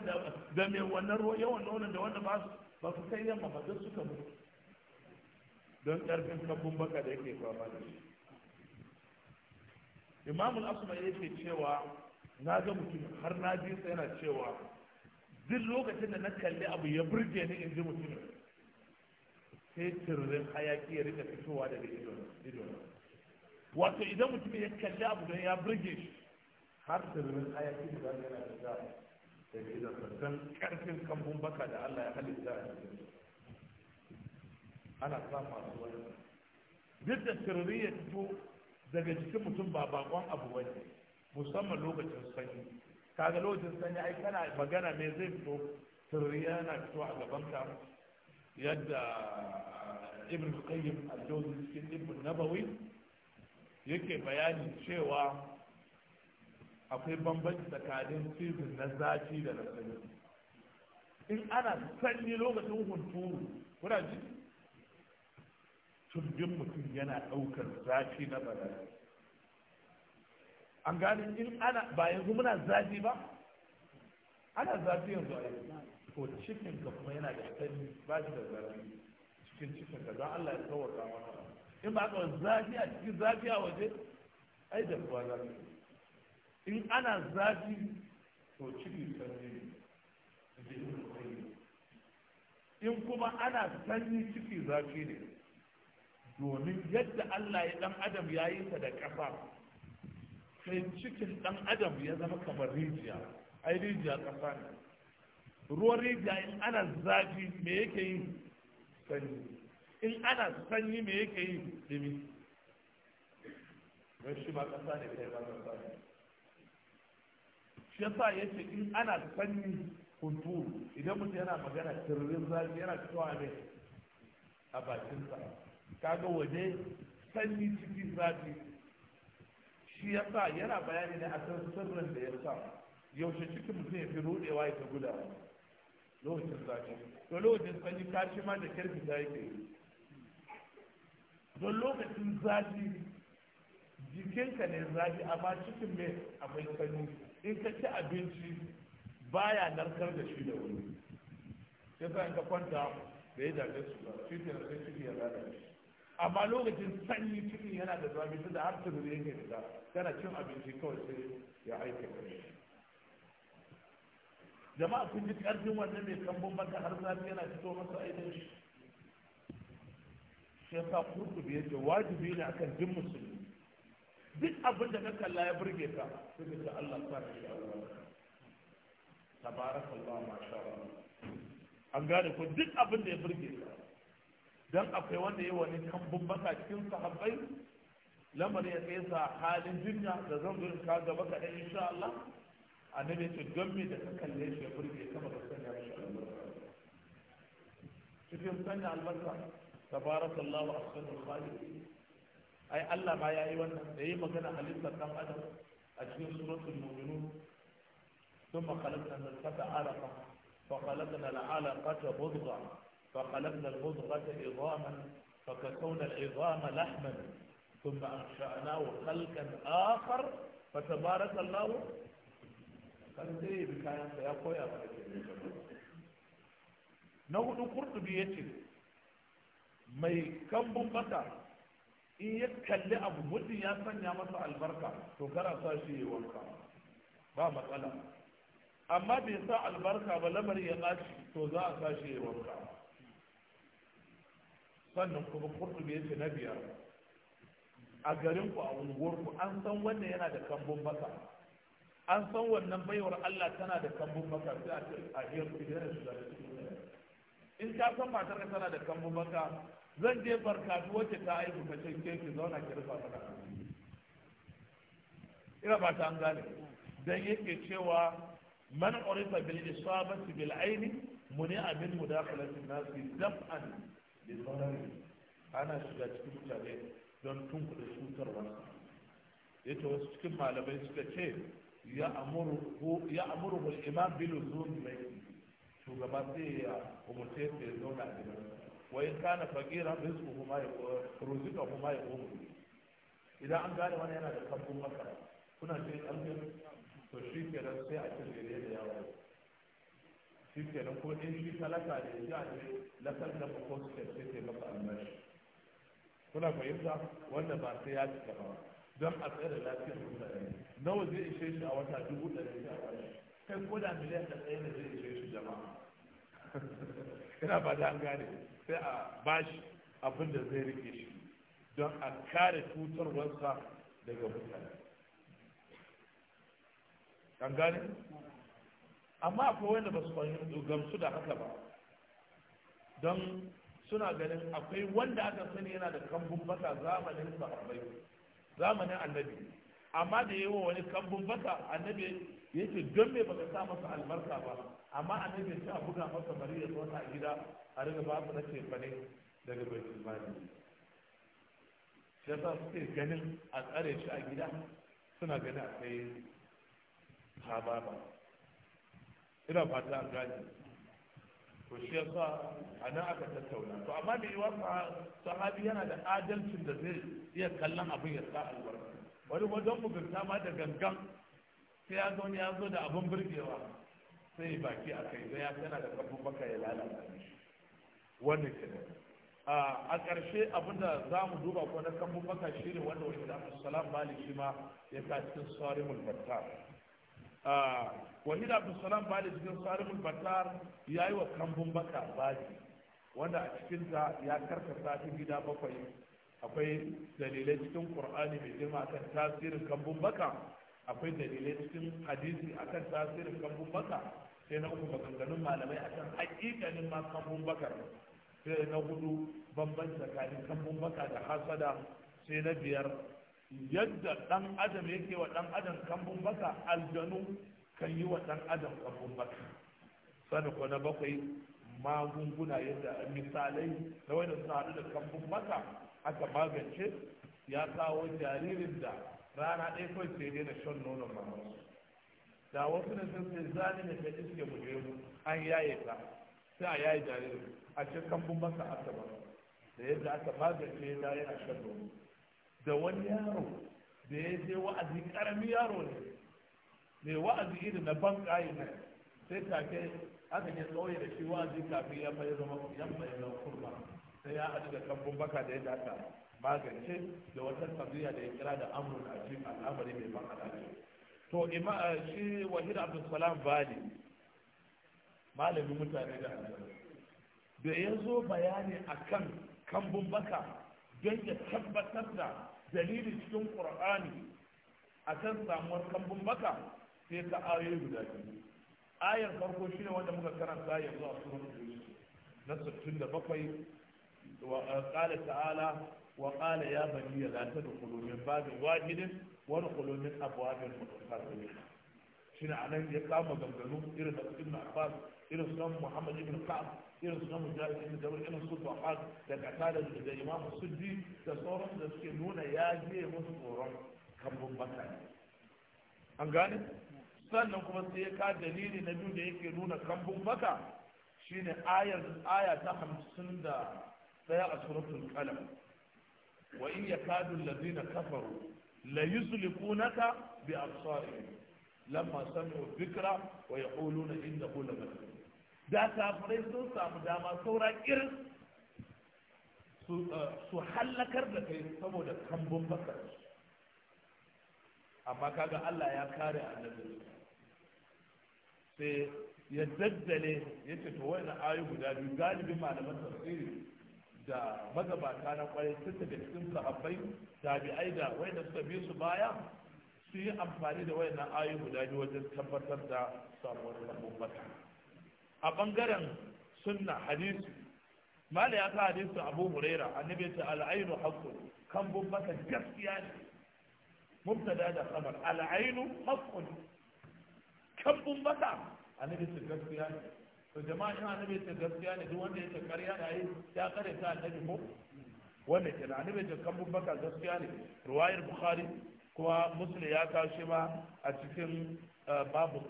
da mai wannan yawan nonon da wanda ba su kai yamma ba duk suka mutu don ƙarfin kamfin baka da yake fama da shi imamul asma yake cewa na ga mutum har na ji sa yana cewa duk lokacin da na kalli abu ya burge ni in ji mutumin sai tururin hayaki ya rika fitowa daga idon wato idan mutum ya kalli abu don ya burge shi har tururin hayaki da zai yana fita daga idon don karfin kambun baka da Allah ya halitta a cikin ana sa masu wani duk da tururi ya fito daga jikin mutum ba bakon abu wani musamman lokacin sanyi kaga lokacin sanyi ai kana magana me zai fito tururi yana fito a gaban ka yadda ibn qayyim al-jawzi cikin ibn nabawi yake bayani cewa akwai bambanci tsakanin cizon na zafi da na sanyi in ana sanyi lokacin hunturu kuna ji turbin mutum yana ɗaukar zafi na bala'i an gane in ana ba yanzu muna zafi ba ana zafi yanzu a yanzu ko cikin ka kuma yana da sani ba shi da zarafi cikin cikin ka za Allah ya tsawaka maka in ba ka zafi a cikin zafi a waje ai da kuwa zafi in ana zafi to cikin sanyi ne in kuma ana sanyi ciki zafi ne domin yadda Allah ya dan adam ya yi ta da ƙafa sai cikin dan adam ya zama kamar rijiya ai rijiya ƙasa ne ruwan rijiya in ana zafi me yake yi sanyi in ana sanyi me yake yi dumi don shi ba kasa ne kai ba kasa ne shi yasa ya ce in ana sanyi hunturu idan mutum yana magana tirin zafi yana fitowa ne a bakinsa kaga waje sanyi cikin zafi shi yasa yana bayani ne a kan sirrin da ya sa yaushe cikin mutum ya fi rudewa ya ta gudawa lokacin zafi to lokacin sanyi kashi ma da kirki ta kai don lokacin zafi jikinka ne zafi amma cikin mai abin sanyi in ka ci abinci baya narkar da shi da wuri sai sa in ka kwanta da ya dace su ba shi ke sai ciki ya zafi amma lokacin sanyi cikin yana da zafi da har turu yake da, kana cin abinci kawai sai ya aika kai jama'a kun ji karfin wannan mai kambun baka har zafi yana fito masa aidin shi shi yasa kurkubi yake wajibi ne akan jin musulmi duk abin da ka kalla ya burge ka sai ka ce Allah sa ka shi Allah tabarakallah ma sha Allah an gane ko duk abin da ya burge ka dan akwai wanda ya wani kambun baka cikin sahabbai lamarin ya kai sa halin jinya da zan gurin ka gaba ka insha Allah عن اللي تتجمد شوف يمتني على المرة تبارك الله وأخذ الخالق أي ألا ما يا أيوانا أي مكان حليفة كم أدر أجل صورة المؤمنون ثم خلقنا الفتى عرقا فخلقنا العلقة بضغة فخلقنا البضغة عظاما فكسونا العظام لحما ثم أنشأناه خلقا آخر فتبارك الله kan sai ya bi kayansa ya koya na hudu kurtubi ya ce mai kambun bata in ya kalli abu mutum ya sanya masa albarka to kana sa shi ya wanka ba matsala amma bai sa albarka ba lamarin ya ɓaci to za a sa shi ya wanka sannan kuma kurtubi ya ce na biyar a garinku a unguwarku an san wannan yana da kambun bata an san wannan baiwar Allah tana da kambun baka sai a ce a hiyar su da in ka san matar ka tana da kambun baka zan je barka wacce ta aiki ka ce ke ki zauna ki rufa mana. ina ba ta an gane dan yake cewa man urifa bil isabati bil aini muni abin mudakhalati nasi daf'an bil sarari ana shiga cikin mutane don tunkuɗe cutarwa ya ce wasu cikin malamai suka ce ya'muru al-imam bil luzum ilayhi shugaba sai ya umurce su ya zauna a gidan wa in kana faqiran rizquhu ma rizquhu ma yaqum idan an gane wani yana da kafin maka kuna ce alfin to shi kenan sai a cin gare da yawa shi kenan ko in shi talaka ne ya ce lakal da ko su ce sai maka almashi kuna fahimta wanda ba sai ya cika gaba ba don a da lafiyar mutane nawa zai ishe shi a wata dubu da da kai ko da miliyan da tsaye ne zai ishe shi jama'a ina ba da an gane sai a bashi abin da zai rike shi don a kare cutarwarsa daga mutane an gane amma akwai wanda ba su gamsu da haka ba don suna ganin akwai wanda aka sani yana da kambun baka zamanin bai zamanin annabi amma da yawa wani kambun baka annabi ya ce don me baka sa masa albarka ba amma annabi ya ce a buga masa bari ya zo a gida a riga ba su na cefane daga bai mali shi yasa suke ganin a tsare shi a gida suna gani a tsaye ta ba ina fata an to shi yasa a nan aka tattauna to amma da yiwuwa sahabi yana da adalcin da zai iya kallon abin ya sa albarka wani wajen mugunta ma da gangan sai ya zo ya zo da abin burgewa sai baki a kai zai ya tana da kafin baka ya lalata wannan kenan a ƙarshe abinda za mu duba ko na kan baka shi ne wanda wani da salam malik shi ma ya ta cikin sarimul fattar Ah, Salam ba da cikin tsarin batar ya yi wa kambun baka basi. wanda a cikinta ya karkata ta gida bakwai akwai dalilai cikin qur'ani mai girma kan tasirin kambun baka akwai dalilai cikin hadisi akan tasirin kambun baka sai na uku maganganun malamai akan hakikanin ma kambun baka sai na hudu bambanci tsakanin kambun baka da hasada sai na biyar yadda dan adam yake wa dan adam kambun baka aljanu kan yi wa dan adam kambun baka ko na bakwai magunguna yadda misalai na wanda suna hadu da kambun baka aka magance ya kawo jaririn da rana ɗaya kawai sai na shan nonon mamansu da wasu ne sun sai zani ne ta iske mu an yaye ta sai a yaye jaririn a cikin kambun baka aka ba da yadda aka magance ya yana shan nono da wani yaro da ya je wa'azi karami yaro ne mai wa'azi iri na ban kayi ne sai take aka ne tsoye da shi wa'azi kafin ya mai zama yamma ya zama kurma sai ya haɗu da kambun baka da ya daka, magance da wata tabiya da ya kira da amurin a cikin al'amari mai ban alaƙi to eh, shi wahid abdulsalam bali malamin mutane da da ya zo bayani akan kambun baka don ya tabbatar da dalilin cikin qur'ani a kan samuwar kambun baka sai ka ayoyi guda biyu ayar farko ne wanda muka karanta yanzu a sunan yunus na 67 wa qala ta'ala wa qala ya bani la da min babin wahidin wa dkhulu min abwabin mutafawwitin a nan ya kama ganganu irin da ibn abbas irin sunan muhammad ibn ka'ab irin su namu jami'in da wani irin su bahad da kata da imamu sujji da sauran da suke nuna ya je musu tsoron kambun baka an gane sannan kuma sai ka dalili na biyu da yake nuna kambun baka shine ayar aya ta hamsin da daya a suratul qalam wa in yakadu allazina kafaru la yuslikunaka bi absarihim lamma sami'u dhikra wa yaquluna innahu lamajdun da kafirai sun samu dama saura irin eh, su hallakar da kai saboda kambun bakar amma kaga Allah ya kare annabi sai ya daddale ya ce to wani ayu guda biyu galibin malaman tafsiri da magabata na kwarai sun tafi cikin sahabbai tabi'ai da wayanda suka bi su baya su yi amfani da wani ayu guda biyu wajen tabbatar da samuwar kambun bakar a bangaren sunna hadisi mala ya ka hadisin abu huraira annabi ta al'ainu haqqun kan bun masa gaskiya ne mubtada da khabar al'ainu haqqun kan bun masa annabi ta gaskiya ne to jama'a in annabi ta gaskiya ne duk wanda ya ce ƙarya da yi ya kare ta annabi ko wanda ke da annabi ta kan bun masa gaskiya ne ruwayar bukhari kuma muslim ya kawo shi ma a cikin eh, babu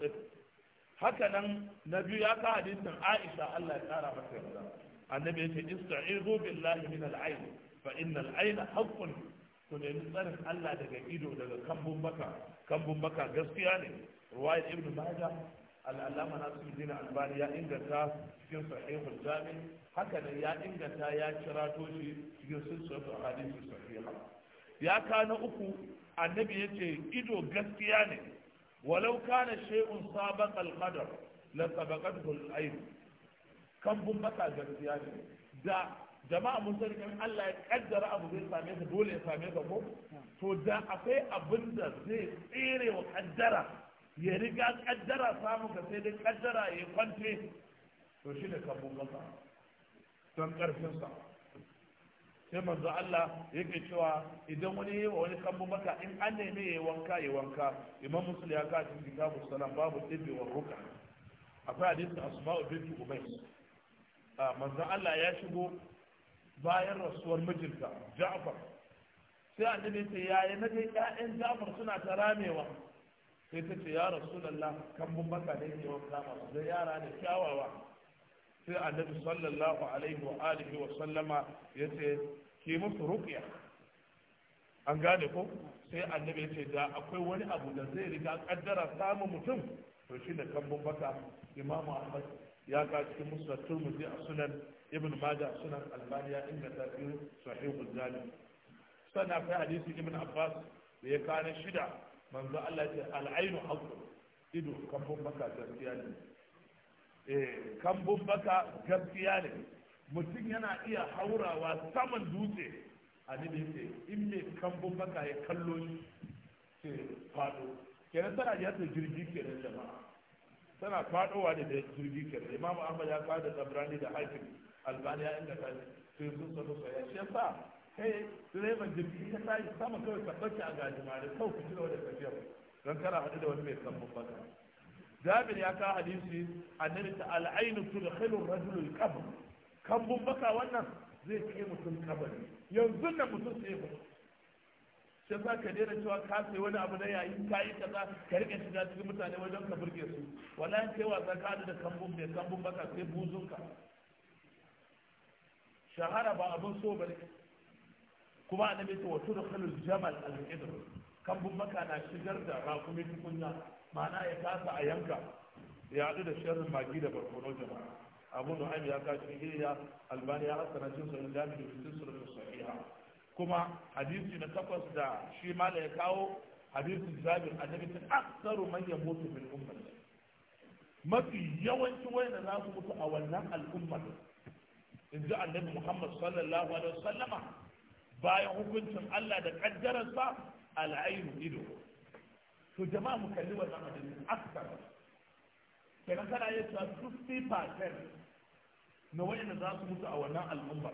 haka nan na biyu ya ka hadisin aisha Allah ya kara masa yanzu. annabi yace ista'izu billahi min al-ayn fa inna al haqqun ku nemi tsarin Allah daga ido daga kambun baka kambun baka gaskiya ne ruwayat ibnu majah al'allama na su dina albani ya inganta cikin sahihul jami haka nan ya inganta ya kira toshi cikin sulsulatu hadisi sahiha ya kana uku annabi ya ce ido gaskiya ne walau kana shay'un sabaqa al-qadar la sabaqathu al kan bun mata gaskiya ne da jama'a mun sani Allah ya kaddara abu zai same ka dole ya same ka ko to da akwai abin da zai tserewa wa ya riga ƙaddara samun ka dai ya kwante to shi ne kan don karfin sai manzo Allah yake cewa idan wani yi wa wani kambun maka in an nemi yayi wanka yayi wanka imam muslim ya ka cikin kitabu salam babu tibbi wa ruka akwai hadisi asma'u Bintu ubayd ah, manzo Allah ya shigo bayan rasuwar mijinta Ja'far sai annabi ce yi na dai ƴaƴan Ja'far suna ta ramewa sai ta ce ya rasulullah kambun maka ne yayi wanka masu yara ne kyawawa sai annabi sallallahu alaihi wa alihi wa sallama ya ce ki musu ruqya an gane ko sai annabi ce da akwai wani abu da zai riga kaddara samun mutum to shi da kambun baka imamu ahmad ya ga cikin musulun turmuzi a sunan ibn maja sunan albaniya inda ta fi sahihul jami sannan kai hadisi ibn abbas da ya kana shida manzo allah ce al'ainu haqqu ido kambun baka gaskiya ne Eh, kambun baka gaskiya ne mutum yana iya haurawa saman dutse a nan ce in mai kambun baka ya kallo shi ce fado kenan tana ya ta jirgi kenan jama'a tana fadowa ne da jirgi kenan imam ahmad ya fada tabrani da haifin albani ya inda ta sai sun sanu sai shi yasa kai direban jirgi ya yi sama kawai tabbaci a gajimare kawai ku ci gaba da tafiyar don kana haɗu da wani mai kambun baka jabir ya ka hadisi annabi ta al'ainu da rajulu al-qabr kambun baka wannan zai kai mutum kabari yanzu da mutum sai ba sai za ka daina cewa ka sai wani abu na yayi ka yi kaza ka rike shiga cikin mutane wajen ka burge su wallahi kai wa ka da kambun mai kambun baka sai buzunka shahara ba abin so bane kuma annabi ta wato da khalul jamal al-idr kambun baka na shigar da rakumi tukunya Mana ya kasa a yanka ya haɗu da shirin magi da barkono jama'a abu da ya kashi iya albani ya hasana cin sahih jami'i da cikin sunan sahiha kuma hadisi na takwas da shi mala ya kawo hadisi, jabir annabi ta aksaru man yamutu fil ummah mafi yawanci wayanda za su mutu a wannan al'ummar in ji annabi muhammad sallallahu alaihi wasallama bayan hukuncin allah da kaddararsa al'ainu ido to jama'a mu kalli wannan hadisi akthar kenan kana iya cewa 50% na wayanda za su mutu a wannan al'umma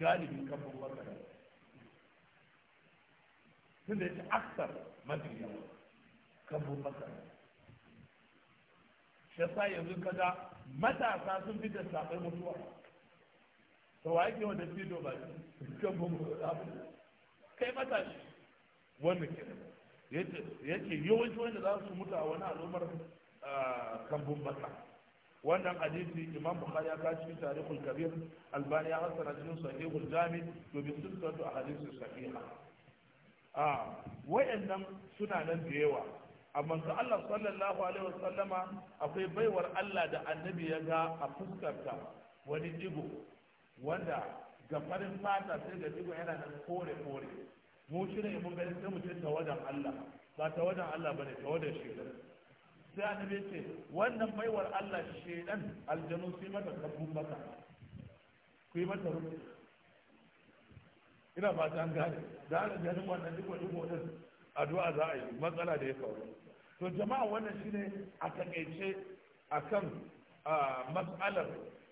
galibi kan babbar kada tunda yace akthar mafi yawa kan babbar kada shi yasa yanzu kaga matasa sun fi da sabai mutuwa to wa yake wanda fido ba kan da kai matashi wannan kenan yake yawanci wanda za su mutu a wani al'ummar kambun baka wannan hadisi imam bukhari ya kashi tarihul kabir albani ya na cikin sahihul jami to bi sunnatu hadisi sahiha a wayannan suna nan da yawa amma ka Allah sallallahu alaihi wasallama akwai baiwar Allah da annabi ya ga a fuskarta wani digo wanda ga farin fata sai ga digo yana nan kore kore mu shi ne mun gani sai mu ce tawadan Allah ba tawadan Allah bane tawadan shi sai annabi ce wannan baiwar Allah shedan aljanu sai mata kabbun baka ku yi mata ruwa ina ba ta gane da aljanin wannan duk wani godin addu'a za a yi matsala da ya faru to jama'a wannan shine a takaice akan matsalar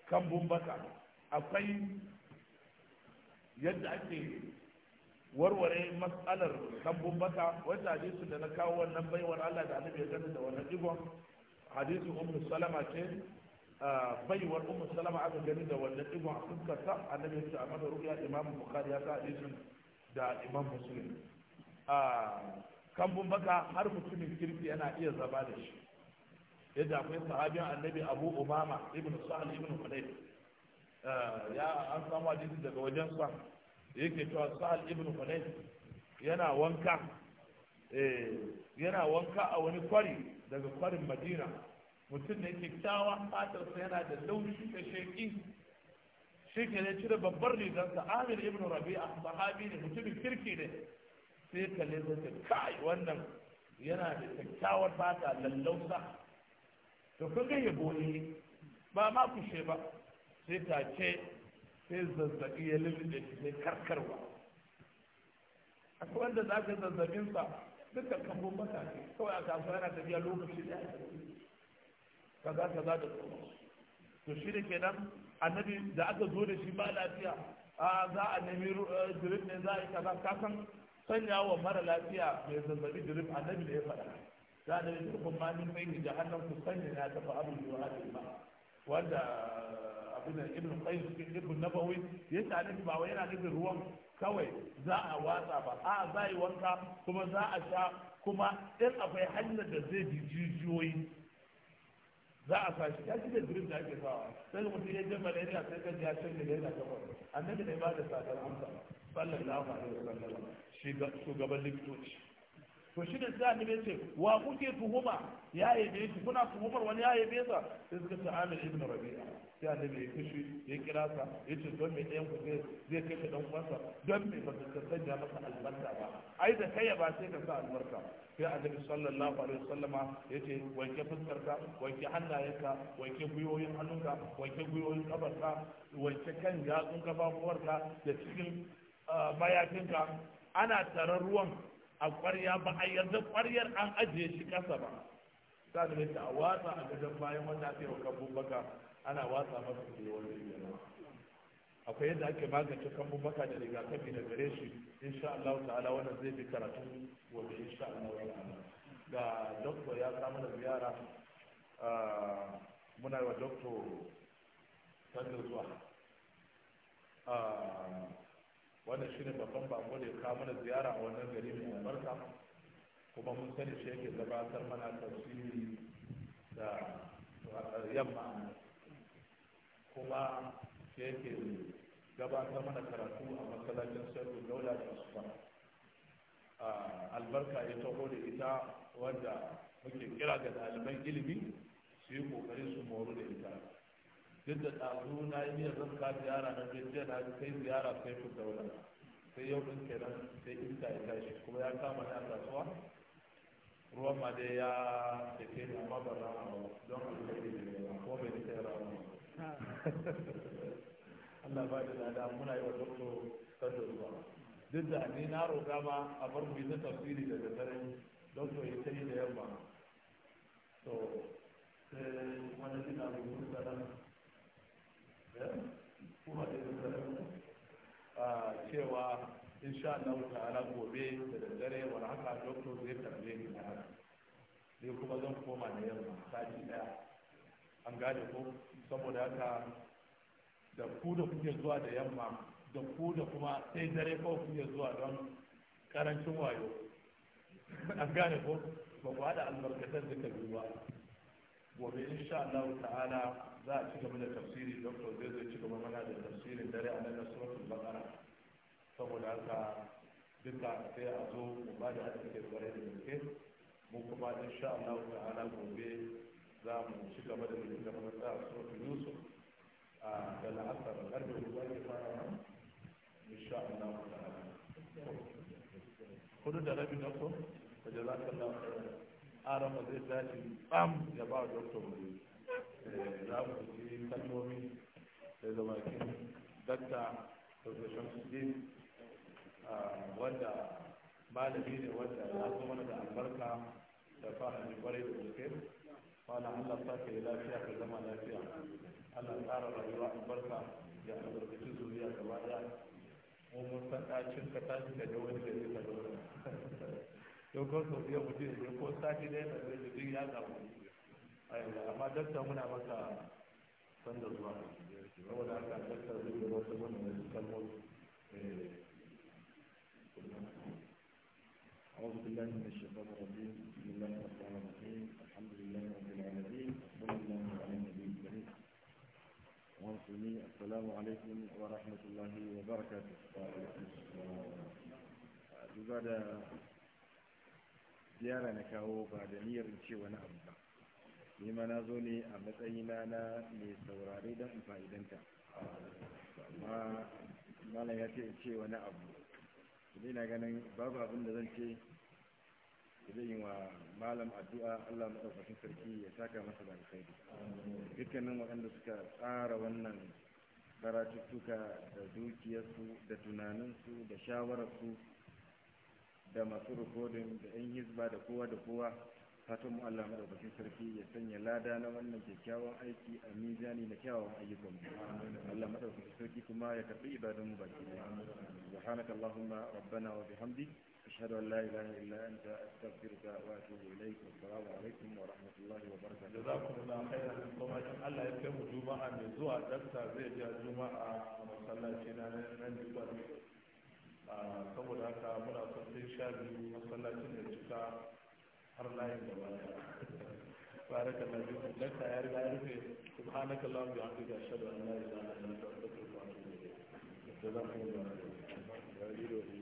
kambun baka akwai yadda ake warware matsalar kambun bata wanda hadisu da na kawo wannan baiwar Allah da annabi ya gani da wannan digon Hadisu ummu salama ce baiwar ummu salama aka gani da wannan digon a sa annabi ya ce a mata ruya imam bukhari ya sa hadisin da imam muslim kambun baka har mutumin kirki yana iya zaba da shi yadda akwai sahabin annabi abu umama ibn sa'al ibn hudayb ya an samu hadisi daga wajen sa yake cewa sa'al ibn hunayf yana wanka eh, yana wanka a wani kwari daga kwarin madina mutum da ne kyakkyawa fatarsa yana da laushi da sheki shi ke ne cire babbar rigarsa amir ibn rabi'a sahabi ne mutumin kirki ne sai kalle zai kai wannan yana da kyakkyawar fata lallausa to kun ga yabo ne eh, ba ma kushe ba sai ta ce sai zazzabi ya lulluɗe shi sai karkarwa akwai wanda za ka zazzabinsa duka kambun ce, kawai a kasuwa yana tafiya lokaci za kaza kaza da tsoro to shi da kenan annabi da aka zo da shi ba lafiya a za a nemi eh, drip ne za a yi kaza ka san sanya wa mara lafiya mai zazzabi drip annabi da ya faɗa za a nemi drip ma ni mai jahannam ku sanya na tafi abin da ya ba wanda da ibn qayyim ibn nabawi yace annabi ba wai yana nufin ruwan kawai za a watsa ba a za yi wanka kuma za a sha kuma in akwai hanyar da zai ji jijiyoyi za a sa shi ya ji da drip da ake sawa sai da mutum ya je malaria sai ka ji ya shan da yana kafa annabi ne ba da sadar amsa sallallahu alaihi wasallam shugaban likitoci to shi ne sai annabi ce wa kuke tuhuma ya yabe shi kuna tuhumar wani ya yabe sa sai suka ce Amir ibn Rabi'a sai annabi ya kishi ya kira sa ya ce don me ɗayan ku zai kai kashe dan uwansa don me ba ka sanya masa albarka ba ai da kai ba sai ka sa albarka sai annabi sallallahu alaihi sallama, ya ce wanke fuskarka wanke hannayenka wanke gwiwoyin hannunka wanke gwiwoyin kafarka wanke kan yatsun kafafuwarka da cikin ah, mayafinka ana tarar ruwan a ƙwarya ba a yarda ƙwaryar an ajiye shi ƙasa ba sa ta ta a watsa a gajen bayan wanda a yi wa kambun baka ana watsa masa ke wani yana akwai yadda ake magance kambun baka da rigakafi da gare shi insha Allah ta'ala wannan zai bi karatu wanda insha Allah ta'ala ga doktor ya samu da ziyara muna yi wa doktor sanar zuwa wannan shine babban bako da ya kawo mana ziyara a wannan gari mai albarka kuma mun sani shi yake gabatar mana tafsiri da yamma kuma shi yake gabatar mana karatu a masallacin sarki daula da su ba albarka ya taho da ita wanda muke kira ga ɗaliban ilimi su yi ƙoƙari su moru da ita duk da ɗazu na yi niyyar zan ka ziyara na jirgin na kai ziyara sai ku daula sai yau ɗin kenan sai iska ya tashi kuma ya kama na kasuwa ruwan ma dai ya tafe da amma ban rama ba don alkhairi ne ba ko bai nika ya rama Allah ba da lada muna yi wa dokto sanda ruwa duk da ni na roƙa ma a bar mu yi ta tafsiri da daddare dokto ya ta yi da yamma to sai wani gina mai mutu da kuma da ya cewa insha Allah ta'ala gobe da daddare wani haka doctor zai karbe ni na haka sai kuma zan koma da yamma sati daya an gane ko saboda haka da ku da kuke zuwa da yamma da ku da kuma sai dare ko kuke zuwa don karancin wayo an gane ko ba ku haɗa albarkatar da ka ba gobe insha Allah ta'ala za a ci gaba da tafsiri doctor zai zai ci gaba mana da tafsirin dare a nan suratul baqara saboda haka duka sai a zo mu ba da haɗin ke kwarai da gaske mu kuma insha Allah ta'ala gobe za mu ci gaba da mutum da mana tsaya suratul yusuf a da la'asar karfe ruwa ke fara insha Allah ta'ala kudu da rabi na ko da jazakallahu khairan zai tashi bam ya ba doctor mu Eh, za mu ji kalmomi daga bakin dakta dr shamsuddin ah, wanda malami ne wanda ya zo mana da albarka da fahimci kwarai da gaske wala Allah sa ka yi lafiya ka zama lafiya Allah tsara rayuwa albarka ya albarkaci zuriya gaba daya mu mun san ɗacin ka tashi da wani gari ka zo yau ko sau biyu mutum ya ko sati ɗaya da zai duk ya samu amma dakta muna maka sanda zuwa saboda haka dakta zai yi wasu wannan da kalmomi أعوذ بالله من الشيطان الرجيم بسم الله الرحمن الرحيم الحمد لله رب العالمين وصلى الله على النبي الكريم وانصرني السلام عليكم ورحمة الله وبركاته duba da ziyara na kawo ba da niyyar ce wani abu Nima na zo ne a matsayina na mai saurare don in fa'idanta amma malam ya ce ce wani abu zai na ganin babu abin da zan ce zai yi wa malam addu'a allah maɗaukakin sarki ya saka masa da alkhairi dukkanin waɗanda suka tsara wannan karatuttuka da dukiyarsu da tunaninsu da shawararsu da masu rikodin da 'yan hizba da kowa da kowa fatan mu Allah madaukakin sarki ya sanya lada na wannan kyakkyawan aiki a mizani na kyawawan ayyukan mu Allah madaukakin sarki kuma ya karbi ibadan mu baki da subhanaka allahumma rabbana wa bihamdi ashhadu an la ilaha illa anta astaghfiruka wa atubu assalamu alaikum wa rahmatullahi wa barakatuh jazakumullahu khairan kuma in Allah ya kai mu juma'a mai zuwa zai ja juma'a a masallaci na nan juma'a ah, saboda haka muna son sai sha biyu masallacin da cika har layin da baya baraka na biyu lakta ya riga ya rufe subhanaka allahumma wa bihamdika ashhadu an la ilaha illa anta astaghfiruka wa atubu ilayk jazakumullahu khairan